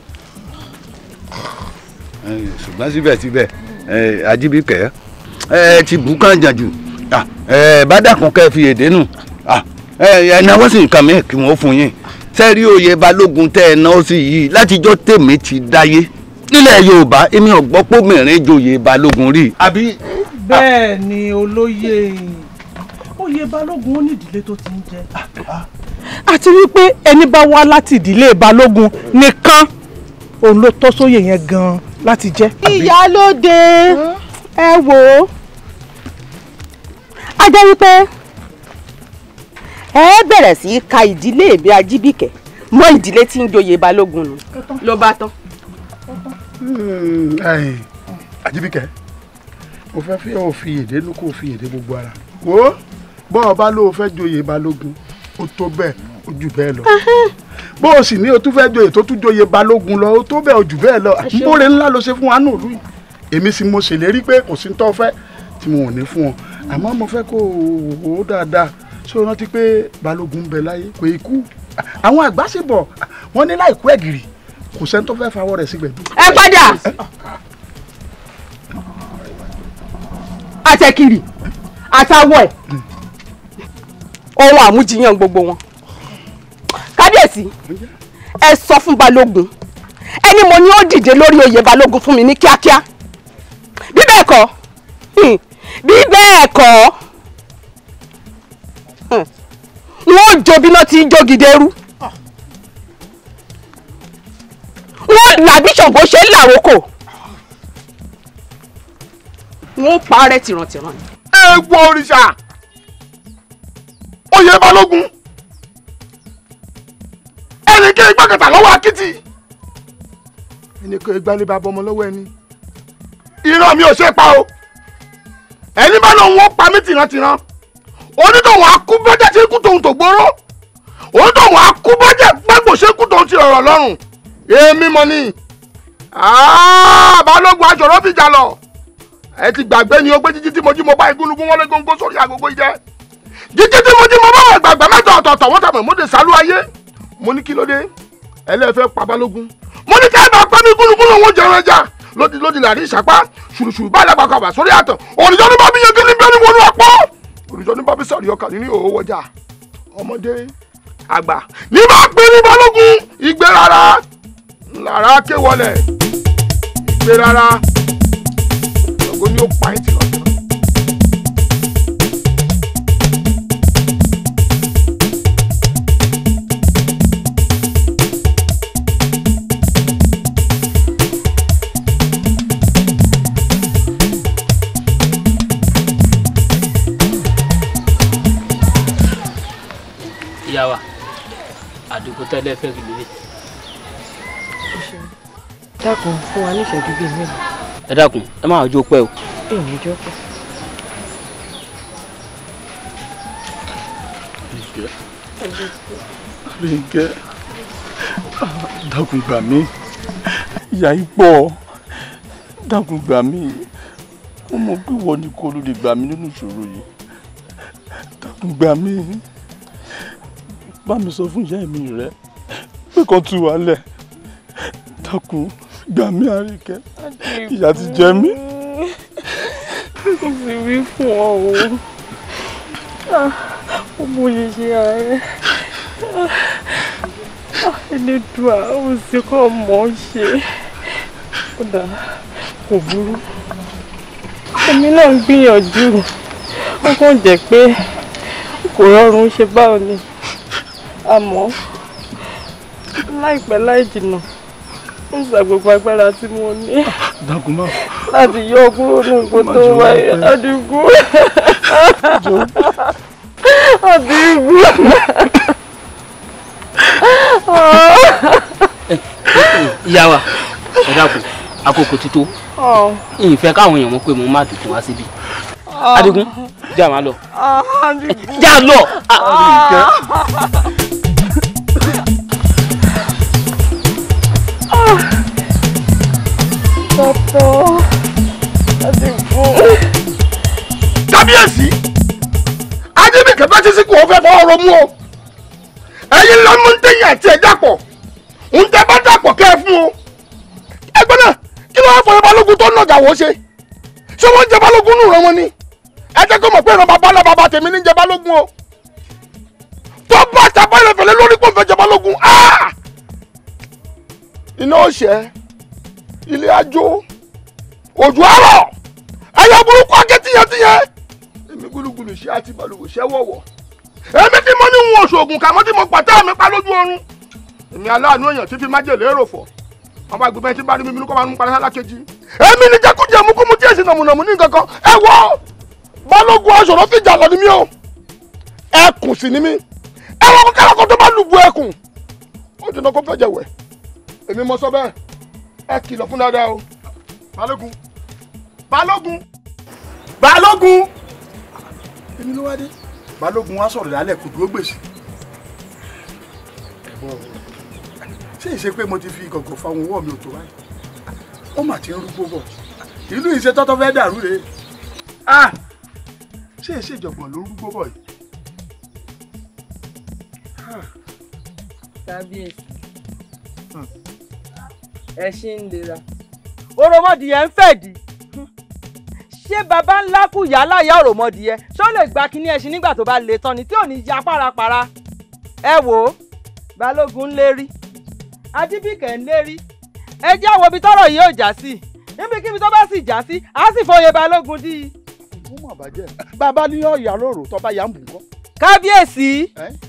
ṣùgbọ́n síbẹ̀síbẹ̀ ajíbíkẹ́ ẹ ti bù kàn jàn Ah, ẹ bá dàkún kẹ́ ẹ fi èdè nù ah, ẹ náwó sì nǹkan mìíràn kí wọ́n fún yín sẹ́rí oyè balógun tẹ́ ẹ náwó sí yìí látijọ́ tèmi ti dáyé nílẹ̀ yorùbá èmi ò gbọ́ pé obìnrin joyè balógun rí. àbí. bẹ́ẹ̀ ni olóyè oyè balógun ó ní ìdílé tó ti ń jẹ. àti wípé ẹni bá wá láti ìdílé balógun nìkan òun ló tọ́ sóyè yẹn gan-an láti jẹ. ìyálóde ẹ wò ó a jẹ́ wípé ẹ bẹ̀rẹ̀ sí í ka ìdílé mi ajíbìkẹ́ mọ́ ìdílé tí ń joyè balógun nù ló bá tán. Hmm, ajíbìkẹ́ o fẹ́ fi ò fi èdè ló kò fi èdè gbogbo ara wo bọ́ ọ bá ló o fẹ́ joyè balógun ó tó bẹ́ẹ̀ ó jù bẹ́ẹ̀ lọ bó o sì ní o tún fẹ́ joyè tó tún joyè balógun lọ ó tó bẹ́ẹ̀ ó jù bẹ́ẹ̀ lọ mbóore ńlá ló ṣe fún wa nù lùyìn èmi sì mo ṣèlérí pé kò sí ń tọ́ fẹ́ tí mo ò ní fún ọ àmọ́ mo fẹ́ kó o wò ó dáadáa ṣé o rántí pé balógun ń bẹ láyé kò í kú àwọn àgbà sì bọ̀ wọ́n ní láìkú ẹ̀gìrì kò sẹ́ni tó fẹ́ fawọ́ rẹ̀ sí gbẹ̀dú. ẹ padà àtẹkiri àtàwọ̀ ẹ̀ ohun àmújiyàn gbogbo wọn kábíyèsí ẹ sọ fún balógun ẹni mo ní ó dìde lórí oyè balógun fún mi ní kíákíá bí bẹ́ẹ̀ kọ́ bí bẹ́ẹ̀ kọ́ wọ́n jó bí náà ti ń jó gidẹ́rú wọ́n làbí ṣògbó ṣe ń làrókò wọ́n parẹ́ tìrantìran ni. ẹ gbọ́ òrìṣà oyè balógun ẹni kí igbá kẹta lọ́wọ́ akitì ẹni kí igbá bàbá ọmọ lọ́wọ́ ẹni irọ́ mi ò ṣe pa o ẹni bá lóun ó pa mí tìrantìran onítọ̀hún akúbọ́jẹ́ ṣe kú tòun tògbóró onítọ̀hún akúbọ́jẹ́ gbàgbọ́ ṣe kú tòun ti rọ̀rọ̀ lọ́rùn èmi mọ̀ ni balógun aṣọ̀rọ̀ fìjà lọ ẹ ti gbàgbé ni ó gbé jíjí tí mo jí mo bá igúnnugún wọlé góńgó sórí agogo ìjẹ jíjí tí mo jí mo bá wà gbàgbà mẹ́ta ọ̀tọ̀ọ̀tọ̀ wọ́n tàbí múde sálú ayé mo ní kí ló dé ẹlẹ́fẹ́ pa balógun mo ní kí ẹ bá pẹ́ mi gúnnugún lòun jẹran ẹja lódì lódì làrí ìṣàpá ṣùrùṣùrù báyìí lágbàkọ àbà sórí àtàn òrìjọ ní bábí yege níbi ẹni wọnú àpọ òrìjọ ní bábí sàrí ọkà nínú òwò wọjà ọmọdé àgbà ní bá pé ní balógun ìgbé rárá làrá ké wọlé ìgbé rárá ògo ni ó pa ẹ tì lọ. nǹkan tẹ́lẹ̀ fẹ́ rí lélẹ̀. dákun fún wa ní ìṣẹ́jú bíi mélòó. ẹ dákun ẹ máa jó pẹ́ o. èmi jó pẹ́. Bínkẹ́ dákun gbà mí ìyá yìí pọ̀ dákun gbà mí mo mọ̀ pé wọ́n ní kó ló lè gbà mí nínú ìṣòro yìí dákun gbà mí bá mi sọ fún ìyá mi rẹ pé kan tú wa lẹ̀ dákun gbà mí àríkẹ́ ìyà ti jẹ mí. mo sì wí fún ọ o ọmọ òṣìṣẹ́ ààrẹ ẹlẹ́dùá ó sì kọ́ mọ̀ ọ́ ṣe kódà kò burú èmi náà ń gbìyànjú ó kàn jẹ́ pé kò rọrùn ṣe báwo ni àmọ́ láìpẹ́ láì jìnnà ń sa gbogbo agbára tí mo ní láti yọ kúrò ní nǹkan tó wà àdìgún àdìgún. ìyá wa ẹ dákun àkókò ti tó oh. ìfẹ́ káwọn èèyàn mọ̀ pé mo má tètè wá síbi Ah. Adigun já máa lọ ah, eh, já lọ. Ah. Tọ́tọ́ Adigun. Kábíyèsí, Adébíkẹ́ bá ti sí kò fẹ́ fọ́ ọ̀rọ̀ mú o ẹyin lọmú ń tẹyìn àti ẹ dàpọ̀ ń tẹ bá dàpọ̀ kẹ́ ẹ fún o. ẹgbẹ́ náà kí ló wá fọ balógun tó nàjà wọ́n ṣe ṣé wọ́n ń jẹ balógun nù rán wọn ni ẹ jẹ́ kó mọ̀ pé ìran bàbá náà bàbá tèmi ní jẹba lógún o tó bá tàbá ìrẹ̀fẹ̀lẹ́ lórí kò ń fẹ́ jẹba lógún iná ọ̀sẹ̀ ilé ajó òjò àrọ̀ ẹ̀yà burúkú akẹ́tìyẹ́tìyẹ́ èmi gbúlùgbùlù ṣe àti balùwò ṣẹ́ wọ̀wọ̀ èmi tí mo ní ń oṣoògùn kàmọ́ tí mo pàtẹ́ mi pa lójú oorun èmi aláàánú èèyàn tí fi májèlé rò fọ̀ wọn bá gbẹgbẹ tí bá rí mi mímú kọ́ máa ń mú padà sálákejì èmi ní jẹ́kújẹ́ mú kú mú tí èsì nàmùnàmù ní nǹkan kan ẹ balógun aṣọ̀rọ̀ fìjà lọ ni mí o ẹkùn sì ni mí ẹranko kẹranko tó bá lùbú ẹkùn ó dènà kó fẹ̀jẹ̀ wẹ̀ èmi mọ sọ bẹ́ẹ̀ ẹ kìlọ̀ fún dáadáa o balógun balógun balógun èmi ló wá dé balógun wá sọ̀rọ̀ lálẹ́ kò dúró gbèsè ṣé ìṣe pé mo ti fi gọ̀gọ̀ fa ohun ọwọ́ mi ò tó báyìí ó mà ti ń rúgbó bọ̀ ìlú ìṣe tọ́tọ́ fẹ́ dàrú rèé. Ah! ṣé ẹ ṣèjọ̀gbọ̀n ló ń rúgbó bọ̀ yìí. kábíyèsí hmm. ẹ ṣì ń lera òròmọdìyẹ ń fẹ̀dí ṣé baba ńlá kù yálà ya òròmọdìyẹ ṣó lè gba kíní ẹṣin nígbà tó bá lè tán ni tí ò ní ya párapàra ẹ wò ó balógun ń lérí adébíkẹ́ ń lérí ẹ jẹ́ àwọn ibi tọ́rọ̀ yìí ò já sí níbikíbi tó bá sì já sí àá sì fòye balógun dí i ó mọ̀ bàjẹ́ bàbá ní ọ̀yà lóru tó bá yà ń bù kọ́. kábíyèsí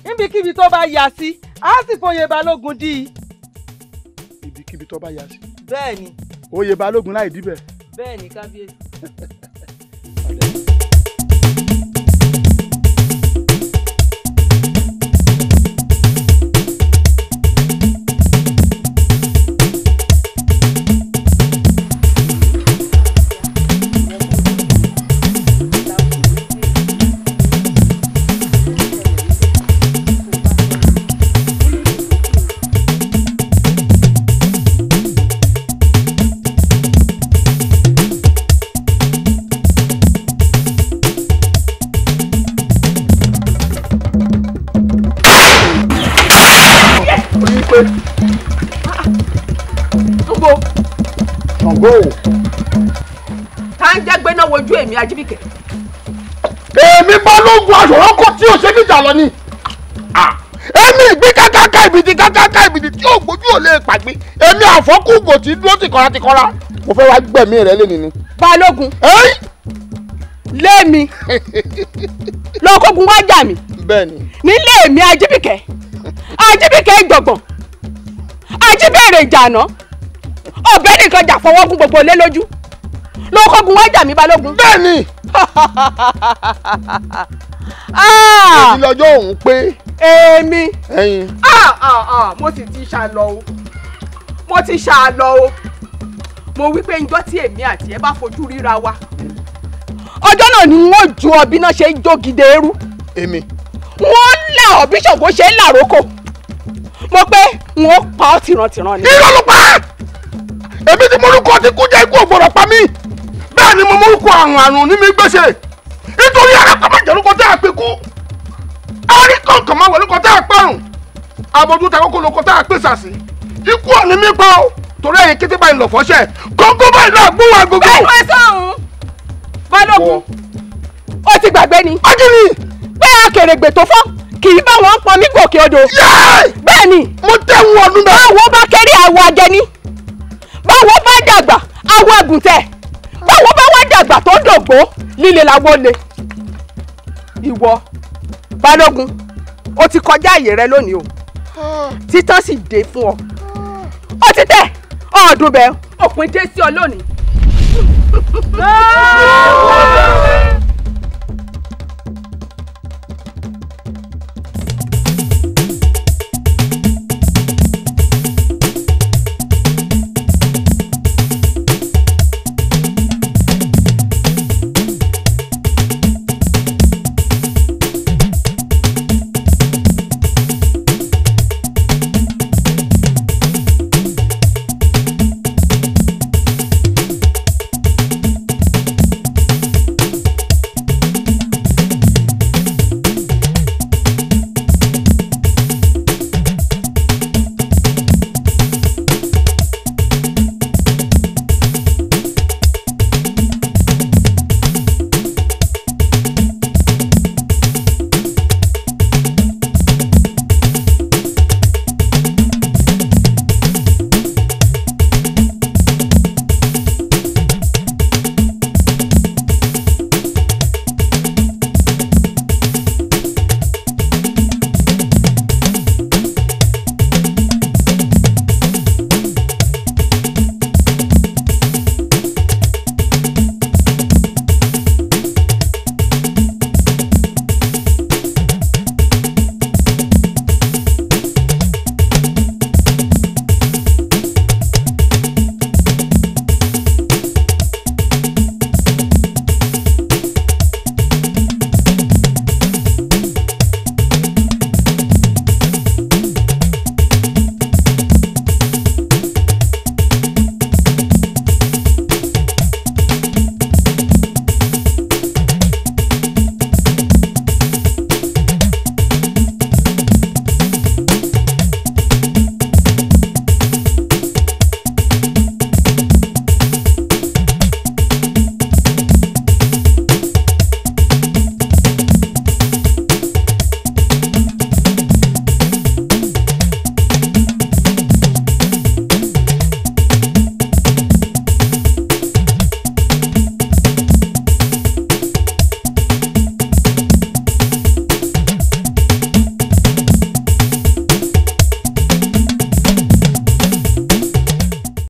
níbikíbi tó bá yà sí á sì fòye balógun dí i. ibikíbi tó bá yà sí. bẹ́ẹ̀ni. oyè balógun láì díbẹ̀. bẹ́ẹ̀ni kábíyèsí. lọ ní. èmi ìgbín kákáká ìbìtì kákáká ìbìtì tí ò gbójú ò lè pàgbé èmi àfọkùgò tí dúró tìkọ́ra tìkọ́ra mo fẹ́ wá gbẹ̀mí rẹ lẹ́nu ni. balógun lémi lọ́kọ́gun wá jà mí nílé mi ajíbìkẹ́ ajíbìkẹ́ ìgbọ̀gbọ̀n ajíbẹ̀rẹ̀ ìjànà ọ̀bẹ nìkan jà fọwọ́gún gbogbo lé lójú lọ́kọ́gun wá jà mí balógun. bẹ́ẹ̀ni. Ah! èmi lọ́jọ́ òun pé. èmi ah, ah, mo sì ti ṣàlọ o mo ti ṣàlọ o mo wí pé njọ́ tí èmi àti ẹ bá fojú ríra wa ọjọ́ náà ni wọ́n ju ọbí náà ṣe ń jó gidi eru. èmi. wọ́n là ọbí ṣògo ṣe ń làrókò mo pé wọ́n pa ọ́ tìrantìran ni. irọ́ ló pa èmi tí morúkọ ti kú jẹ́ ikú ògbọ́dọ̀ pa mí bẹ́ẹ̀ ni mo morúkọ àrùn àrùn ní mi gbèsè nítorí arákọ̀mọ̀jẹ̀ ló kọjá àpékú aríkọ̀ǹkàn máa wẹ̀ ló kọjá àpárùn abojú ta kókó ló kọjá àpésàsì ikú ò ní mí pa o torí ẹ̀yin kété báyìí lọ fọ́ṣẹ́ gógó báyìí náà gbówó agogo. bẹ́ẹ̀ ló ẹ sọ̀hún balógun ó ti gbàgbé ni. ọjìnì. bẹ́ẹ̀ akèrègbè tó fọ́ kì í bá wọn pọn mí gòkè odò. bẹ́ẹ̀ ni. mo tẹ́ wọn ọdún náà. báwo bá kéré àwọ̀ ajẹni báwo bá dàgbà àwọ̀ àgùntẹ̀ báwo bá wá dàgbà tó ń líle làwọn olè ìwọ balógun o ti kọjá àyè rẹ lónìí o títàn sì dé fún ọ ó ti tẹ ọ̀ọ́dún bẹ́ẹ̀ òpin dé sí ọ lónìí.